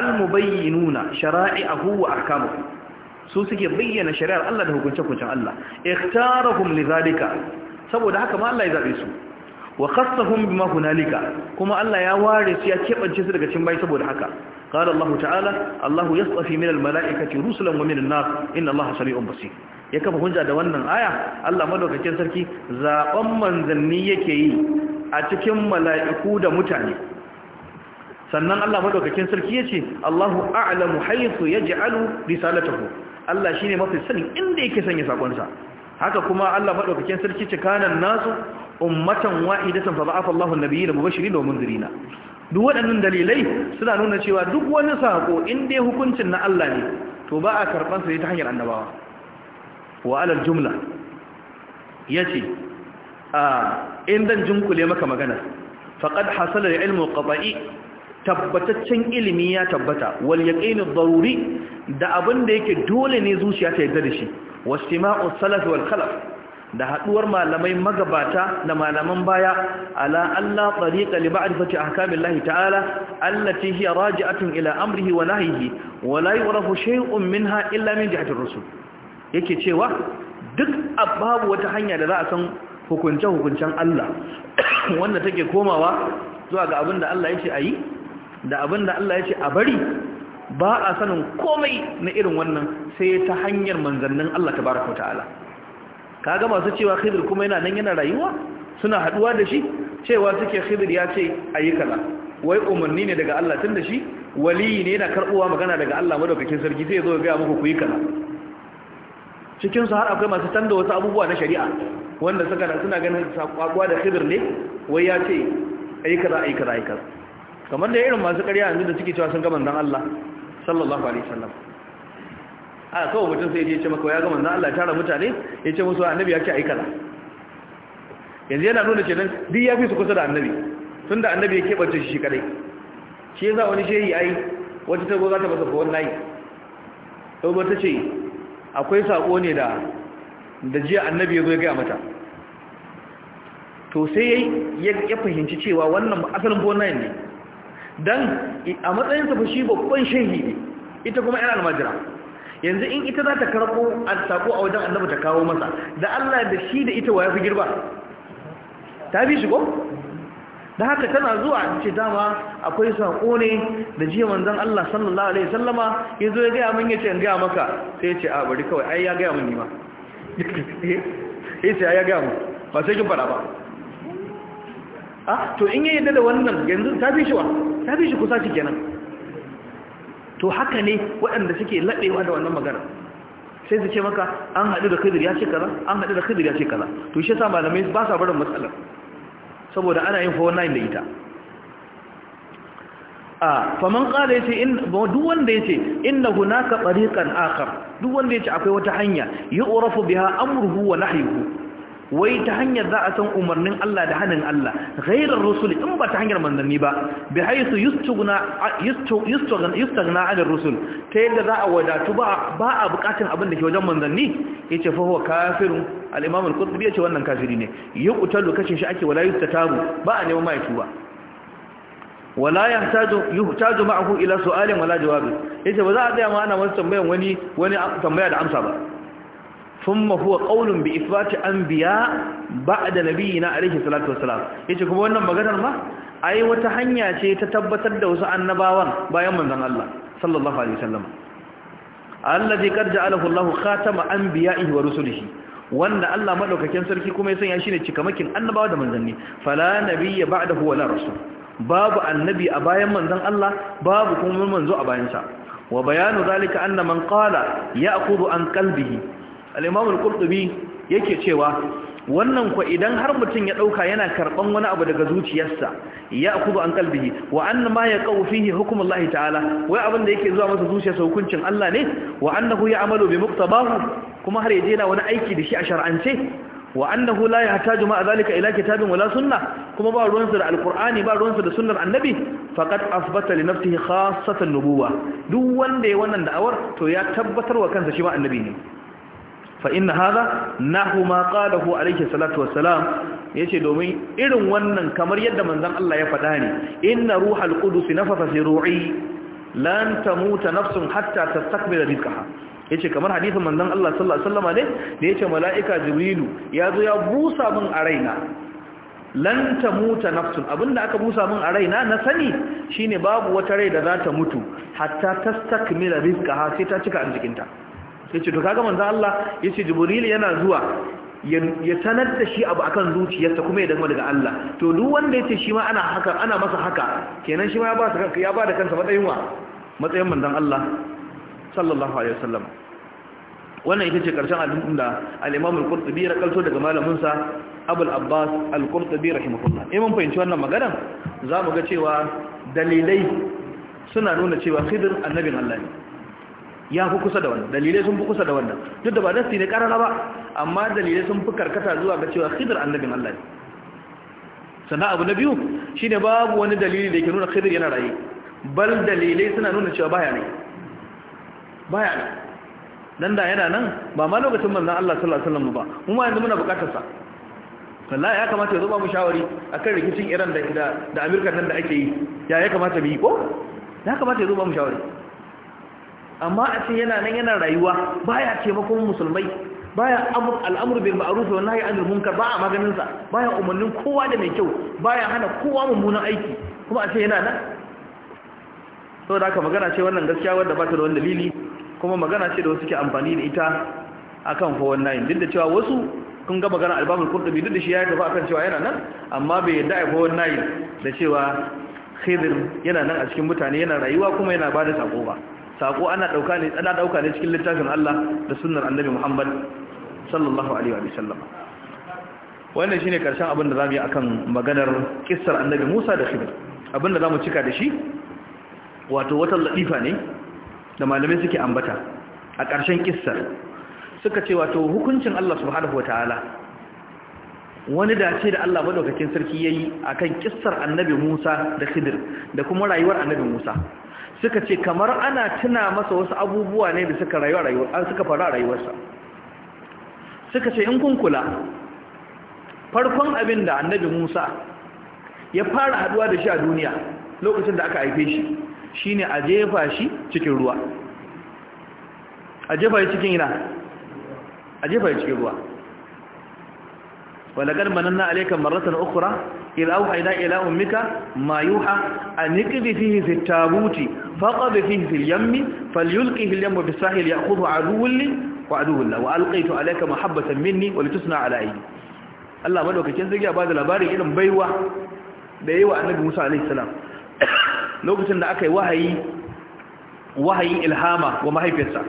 al-mubayyinuna shara'i'ahu wa ahkamuhu su suke bayyana shari'ar Allah da hukunce-hukuncen Allah ikhtarahum lidhalika saboda haka ma Allah ya zabe su wa khassahum bima hunalika kuma Allah ya ware su ya kebance su daga cin bai saboda haka قال الله تعالى الله يصطفي من الملائكة رسلا ومن النار إن الله سميع بصير ya kafa hunja da wannan aya Allah madaukakin sarki zaben manzanni yake yi a cikin mala'iku da mutane sannan Allah madaukakin sarki yace Allahu a'lamu haythu yaj'alu risalatahu Allah shine mafi sanin inda yake sanya sakonsa haka kuma Allah madaukakin sarki ce kanan nasu ummatan wahidatan fa ba'atha Allahu an-nabiyina mubashirin wa rina. duk waɗannan dalilai suna nuna cewa duk wani sako in dai hukuncin na Allah ne to ba a karɓar sa ta hanyar annabawa wa alal jumla yace a in dan jinkule maka magana faqad hasalar ilmu qata'i tabbataccen ilimi ya tabbata wal yaqinu daruri da abin da yake dole ne zuciya ta yarda da shi wastima'u salaf wal kalaf da haduwar malamai magabata da malaman baya ala Allah tariqa li ma'rifati ahkamillahi ta'ala allati hiya raji'atun ila amrihi wa nahyihi wa la yurafu shay'un minha illa min jihati ar-rusul yake cewa duk babu wata hanya da za a san hukunce hukuncen Allah wanda take komawa zuwa ga abinda Allah yace ayi da abinda Allah yace a bari ba a sanin komai na irin wannan sai ta hanyar manzannin Allah tabaraka ta'ala kaga masu cewa khidir kuma yana nan yana rayuwa suna haduwa da shi cewa suke khidir ya ce ayi kaza wai umarni ne daga Allah tun da shi wali ne yana karbuwa magana daga Allah madaukakin sarki sai ya zo ga muku ku yi kaza cikin su har akwai masu tanda wasu abubuwa na shari'a wanda suka suna ganin sakwa da khidir ne wai ya ce ayi kaza ayi kaza ayi kaza kamar da irin masu ƙarya yanzu da suke cewa sun ga manzon Allah sallallahu alaihi wasallam a kawai mutum sai ya ce maka ya gama manzon Allah tara mutane ya ce musu annabi ya ce ai yanzu yana nuna nan duk ya fi su kusa da annabi tunda annabi ya keɓance shi kadai shi ya za wani shehi ai wata ta za ta masa ko layi sau ba ta ce akwai sako ne da da jiya annabi ya zo ya gaya mata to sai ya fahimci cewa wannan asalin bonayen ne Dan a matsayinsa fa shi babban shehi ne ita kuma yan almajira yanzu in ita za ta karɓo a sako a wajen annabi ta kawo masa da Allah da shi da ita wa ya fi girba ta fi shigo da haka tana zuwa ce dama akwai sako ne da jiya manzan Allah sallallahu alaihi sallama ya zo ya gaya min ya ce an gaya maka sai ya ce a bari kawai ai ya gaya min nima?' ya ce ya gaya min ba sai kin fara ba a ah, to in ya yadda da wannan yanzu ta fi shi wa ta fi shi kusa shi kenan to haka ne waɗanda suke laɓewa da wannan magana sai su ce maka an haɗu da khidir ya ce kaza an haɗu da khidir ya ce kaza to shi yasa malamai ba sa barin matsalar saboda ana yin fawon nine da ita a faman kala ya ce duk wanda yace inna ka tariqan akar duk wanda yace akwai wata hanya ƙorafu biya amurhu wa nahyuhu wai ta hanyar za a san umarnin Allah da hannun Allah ghairar rusul in ba ta hanyar manzanni ba bi haisu yustagna anir rusul ta yadda za a wadatu ba a bukatun abin da ke wajen manzanni yace fa huwa kafir. al-imam al-qurtubi yace wannan kafiri ne yuqtalu kashin shi ake wala yustatabu ba a neman mai tuba wala yahtaju yuhtaju ma'ahu ila su'alin wala jawabin yace ba za a tsaya ma ana masa tambayan wani wani tambaya da amsa ba thumma huwa qawlun bi ifati anbiya ba'da nabiyina alayhi salatu wassalam yace kuma wannan maganar ma ai wata hanya ce ta tabbatar da wasu annabawan bayan manzon Allah sallallahu alaihi wasallam allazi qad ja'alahu Allah khatama anbiya'ihi wa rusulihi wanda Allah madaukakin sarki kuma ya sanya shi ne cikamakin annabawa da manzanni fala nabiyya ba'dahu wala rasul babu annabi a bayan manzon Allah babu kuma manzo a bayansa wa bayanu zalika anna man qala ya'khudhu an qalbihi al'imamul kurtubi yake cewa wannan kwa idan har mutum ya ɗauka yana karɓan wani abu daga zuciyarsa ya kudu an kalbihi wa an ma ya kawo fihi hukumar lahi ta'ala wai abin da yake zuwa masa zuciyarsa hukuncin Allah ne wa annahu ya amalo bi muktabahu kuma har ya je wani aiki da shi a shar'ance wa annahu la yahtaju a zalika ila kitabin wala sunna kuma ba ruwansa da alkur'ani ba ruwansa da sunnar annabi faqad asbata li nafsihi khassatan nubuwa duk wanda ya wannan da'awar to ya tabbatar wa kansa shi ba annabi ne fa inna hadha nahu ma qalahu alayhi salatu Ya yace domin irin wannan kamar yadda manzan Allah ya faɗa ne inna ruhal qudus na fasa ru'i Lanta, muta, nafsun hatta tastakmila Ya ce kamar hadisin manzan Allah sallallahu ne da ce mala'ika jibrilu ya zo ya busa min a raina Lanta, muta, nafsun abinda aka busa min a raina na sani shine babu wata rai da za ta mutu hatta tastakmila rizqaha sai ta cika arzikinta sai ce to kaga manzo Allah yace jibril yana zuwa ya sanar da shi abu akan zuciyarsa kuma ya dama daga Allah to duk wanda yace shi ma ana haka ana masa haka kenan shi ma ya ba kanka ya ba da kansa matsayin wa matsayin manzon Allah sallallahu alaihi wasallam wannan ita ce karshen hadisin da al-Imam al-Qurtubi ya kalso daga malamin sa Abu al-Abbas al-Qurtubi rahimahullah eh mun fahimci wannan magana zamu ga cewa dalilai suna nuna cewa Khidr annabin Allah ne ya fi kusa da wannan dalilai sun fi kusa da wannan duk da ba nasti ne karara ba amma dalilai sun fi karkata zuwa ga cewa khidr annabin Allah ne sannan abu na biyu shine babu wani dalili da yake nuna khidr yana raye bal dalilai suna nuna cewa baya ne baya ne dan da yana nan ba ma lokacin manzon Allah sallallahu alaihi wasallam ba mu ma yanzu muna bukatar sa wallahi ya kamata ya zo ba mu shawari akan rikicin Iran da da Amerika nan da ake yi ya ya kamata mu yi ko ya kamata ya zo ba mu shawari amma a ce yana nan yana rayuwa baya taimakon musulmai baya al'amur bil ma'ruf wa nahyi anil munkar ba a maganin sa baya umarnin kowa da mai kyau baya hana kowa mummunan aiki kuma a ce yana nan saboda haka magana ce wannan gaskiya wanda ba ta da wani dalili kuma magana ce da wasu ke amfani da ita akan fa wannan duk da cewa wasu kun ga magana albabul qurtubi duk da shi ya tafi akan cewa yana nan amma bai yadda ai fa wannan da cewa khidr yana nan a cikin mutane yana rayuwa kuma yana bada sako ba sako ana dauka ne ana dauka ne cikin littafin Allah da sunnar annabi Muhammad sallallahu alaihi wa sallam wannan shine karshen abin da zamu yi akan maganar kissar annabi Musa da Khidir abin da zamu cika da shi wato wata latifa ne da malamai suke ambata a ƙarshen kissar suka ce wato hukuncin Allah subhanahu wataala wani dace da Allah madaukakin sarki yayi akan kissar annabi Musa da Khidir da kuma rayuwar annabi Musa suka ce kamar ana tuna masa wasu abubuwa ne da suka rayu rayuwar suka faru a rayuwarsa suka ce in kun kula farkon abin da annabi Musa ya fara haduwa da shi a duniya lokacin da aka haife shi shine a jefa shi cikin ruwa a jefa shi cikin ina a jefa shi cikin ruwa ولقد مننا عليك مرة أخرى إذ أوحينا إلى أمك ما يوحى أن اقذ فيه في التابوت فقذ فيه في اليم فليلقه اليم بالساحل يأخذه عدو لي وعدو الله وألقيت عليك محبة مني ولتصنع على عيني Allah madaukakin zai ya bada labarin irin baiwa da yayi wa Annabi Musa alaihi salam lokacin da aka yi wahayi ilhama wa mahaifiyarsa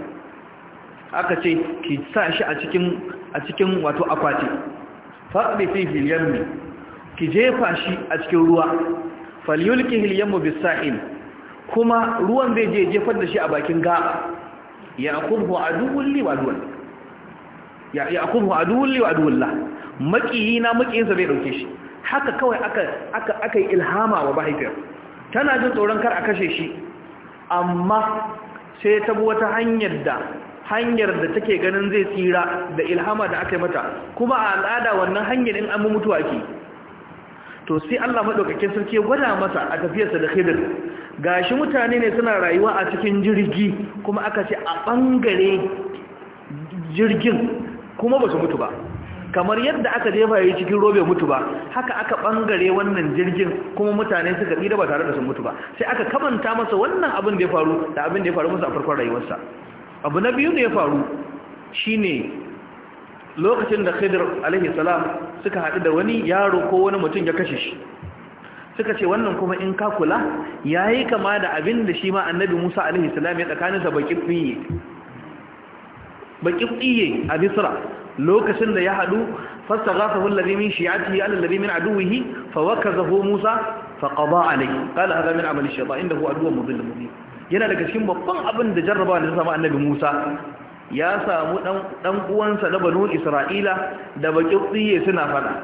aka ce ki sa shi a cikin a cikin wato akwati faqdihi fil yammi ki jefa shi a cikin ruwa falyulqihi al yammu bis kuma ruwan bai je jefar da shi a bakin ga yaqulhu aduwwun li wa aduwwun ya yaqulhu aduwwun li wa aduwwun makiyina zai dauke shi haka kawai aka aka ilhama wa mahaifiyar tana jin tsoron kar a kashe shi amma sai ta bi wata hanyar da hanyar da take ganin zai tsira da ilhama da aka yi mata kuma a al'ada wannan hanyar in an mutuwa ke. to sai Allah madaukakin sarki ya gwada masa a tafiyarsa da khidr gashi mutane ne suna rayuwa a cikin jirgi kuma aka ce a bangare jirgin kuma ba su mutu ba kamar yadda aka jefa yi cikin robe mutu ba haka aka bangare wannan jirgin kuma mutane suka tsira ba tare da sun mutu ba sai aka kamanta masa wannan abin da ya faru da abin da ya faru masa a farkon rayuwarsa abu na biyu ne ya faru ne lokacin da khidir alaihi salam suka haɗu da wani yaro ko wani mutum ya kashe shi suka ce wannan kuma in ka kula ya yi kama da abin da shi ma annabi musa alaihi ya tsakaninsa baƙi tsiye a misra lokacin da ya haɗu fasta gafa hullari min shiyati alallabi min aduwihi fa waka zafo musa fa ƙaba alai ƙala haɗa min amalin ba inda ku aduwan mubin da yana daga cikin babban abin da jarraba da sama annabi Musa ya samu dan uwansa na banu Isra'ila da baƙiƙiye suna fada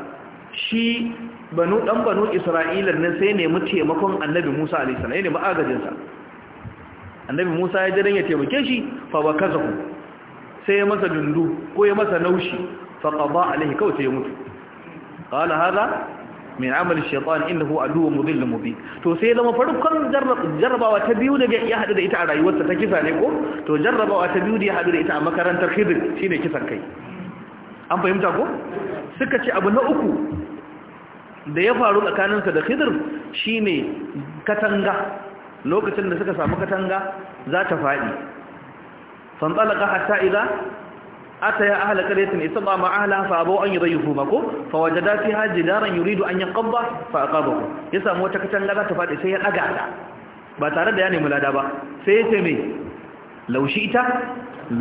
shi banu dan banu Isra'ila ne sai ne mu taimakon annabi Musa alayhi salam ne ma'agajin sa annabi Musa ya jiran ya taimake shi fa ku. sai ya masa dundu ko ya masa naushi fa qada alayhi kawai sai ya mutu qala hada min amal shaitan innahu aduwwun mudhill mubin to sai zama farkon jarrabawa ta biyu da ya hadu da ita a rayuwarsa ta kisa ne ko to jarrabawa ta biyu da ya hadu da ita a makarantar khidir shine kisan kai an fahimta ko suka ce abu na uku da ya faru tsakaninsa da khidir shine katanga lokacin da suka samu katanga za ta faɗi fantalaka hatta idan ata ya ahla qaryatin isba ma ahla fa abu an yudayhu mako fa wajada fiha jidaran yuridu an kabba. fa aqaba ya samu wata katan ta fadi sai ya daga ta ba tare da ya nemi ba sai ya ce me law shi'ta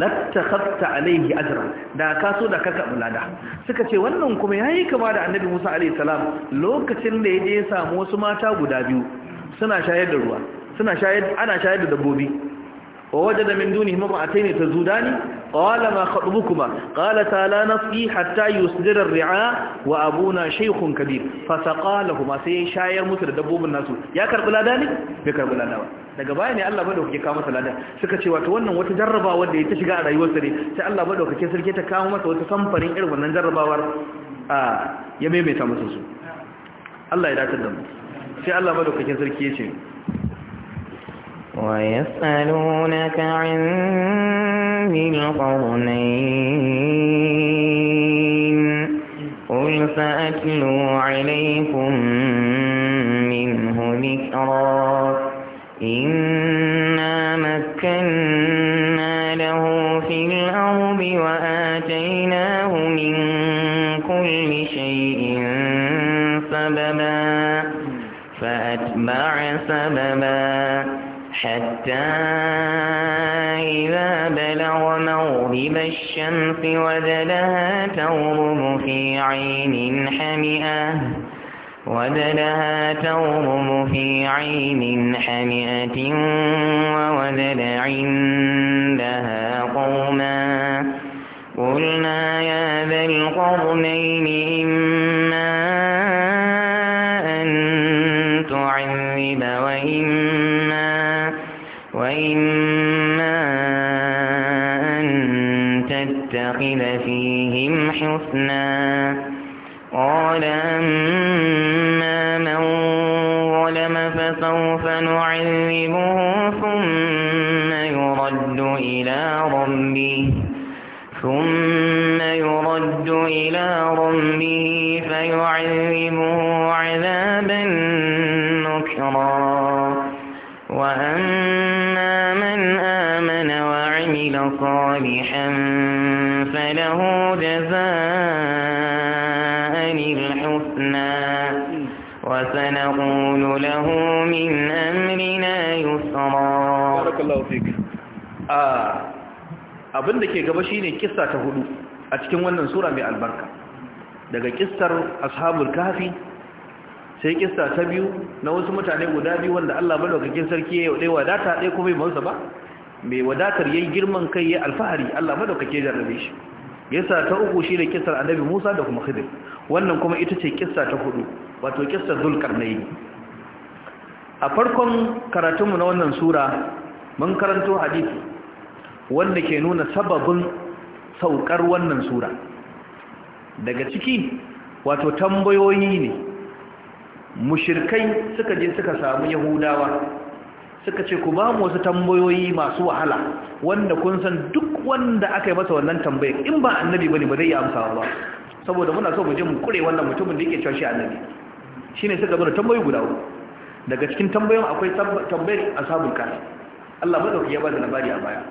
lattakhadta alayhi ajra da ka so da kaka lada suka ce wannan kuma yayi kama da annabi Musa alayhi salam lokacin da ya je ya samu wasu mata guda biyu suna shayar da ruwa ana shayar da dabbobi ووجد من دونهما امرأتين تزودان قال ما خطبكما قالتا hatta نصفي حتى يصدر الرعاء وأبونا شيخ كبير فسقى لهما سي دبوب الناس يا كرب ذلك بكرب لا daga baya ne Allah madaukake kawo masa suka ce wato wannan wata jarrabawa da ya shiga a rayuwarsa ne sai Allah madaukake sarki ta kawo masa wata samfarin irin wannan jarrabawar a ya maimaita masa su Allah ya dace da mu sai Allah madaukakin sarki ya ce ويسألونك عن ذي القرنين قل سأتلو عليكم منه ذكرا إنا مكنا له في الأرض وآتيناه من كل شيء سببا فأتبع سببا حتى إذا بلغ مغرب الشمس وجدها تغرب في عين حمئة وجدها تغرب في عين حمئة ووجد عندها قوما قلنا يا ذا القرنين abin da ke gaba shine kissa ta hudu a cikin wannan sura mai albarka daga kissar ashabul kafi, sai kissa ta biyu na wasu mutane guda biyu wanda Allah madaukakin sarki ya yi wadata ɗaya kuma bai mansa ba mai wadatar yayi girman kai ya alfahari Allah madaukake jarrabe shi yasa ta uku shine kissar annabi Musa da kuma Khidir wannan kuma ita ce kissa ta hudu wato kissar Zulkarnain a farkon karatunmu na wannan sura mun karanto hadisi wanda ke nuna sababin saukar wannan sura daga ciki wato tambayoyi ne mushirkai suka je suka samu yahudawa suka ce ku ba mu wasu tambayoyi masu wahala wanda kun san duk wanda aka yi masa wannan tambaya in ba annabi bane ba zai yi amsawa ba saboda muna so mu je mu kure wannan mutumin da yake cewa shi annabi shine suka bar tambayoyi guda uku daga cikin tambayoyin akwai tambayar ashabul kahf Allah madauki ya ba da labari a baya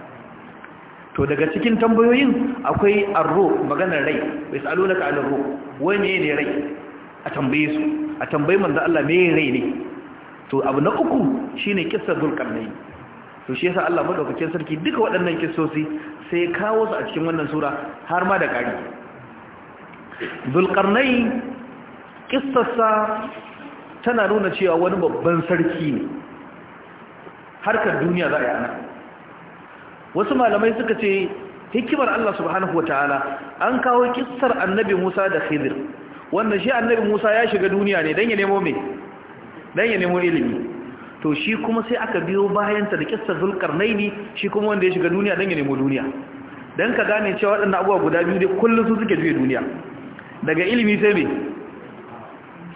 to daga cikin tambayoyin akwai arro maganar rai bai salo na ka'alar ro wani ne rai a tambaye su a tambayi manzan Allah me rai ne to abu na uku shi shine kissar zulkarnain to shi yasa Allah maɗaukakin sarki duka waɗannan kisosi sai ya kawo su a cikin wannan sura har ma da ƙari zulkarnai kissarsa tana nuna cewa wani babban sarki ne harkar duniya za a yi ana wasu malamai suka ce hikimar Allah subhanahu wataala an kawo kissar annabi Musa da Khidir wannan shi annabi Musa ya shiga duniya ne dan ya nemo me dan ya nemo ilimi to shi kuma sai aka biyo bayan ta da kissar Zulkarnaini shi kuma wanda ya shiga duniya dan ya nemo duniya dan ka gane cewa waɗannan abubuwa guda biyu dai kullum su suke juye duniya daga ilimi sai me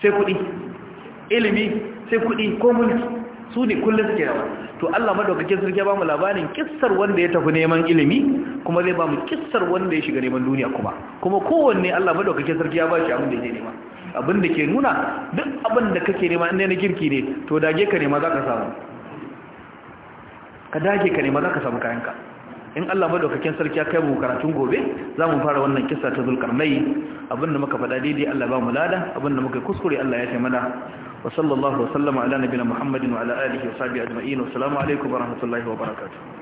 sai kuɗi ilimi sai kuɗi ko mulki su ne kullum suke yawa to Allah madaukakin sarki ya bamu labarin kissar wanda ya tafi neman ilimi kuma zai bamu kissar wanda ya shiga neman duniya kuma kuma kowanne Allah madaukakin sarki ya bashi abin da yake nema abin da ke nuna duk abin da kake nema in na kirki ne to dage ka nema zaka samu ka dage ka nema zaka samu kayanka in Allah madaukakin sarki ya kai mu karatun gobe za mu fara wannan kisa ta zulkarnai abinda muka faɗa daidai Allah ba mu lada abinda muka kuskure Allah ya mana wa sallallahu wa sallama ala nabiyina Muhammadin wa ala alihi wa sahbihi ajma'in wa assalamu alaikum wa rahmatullahi wa barakatuh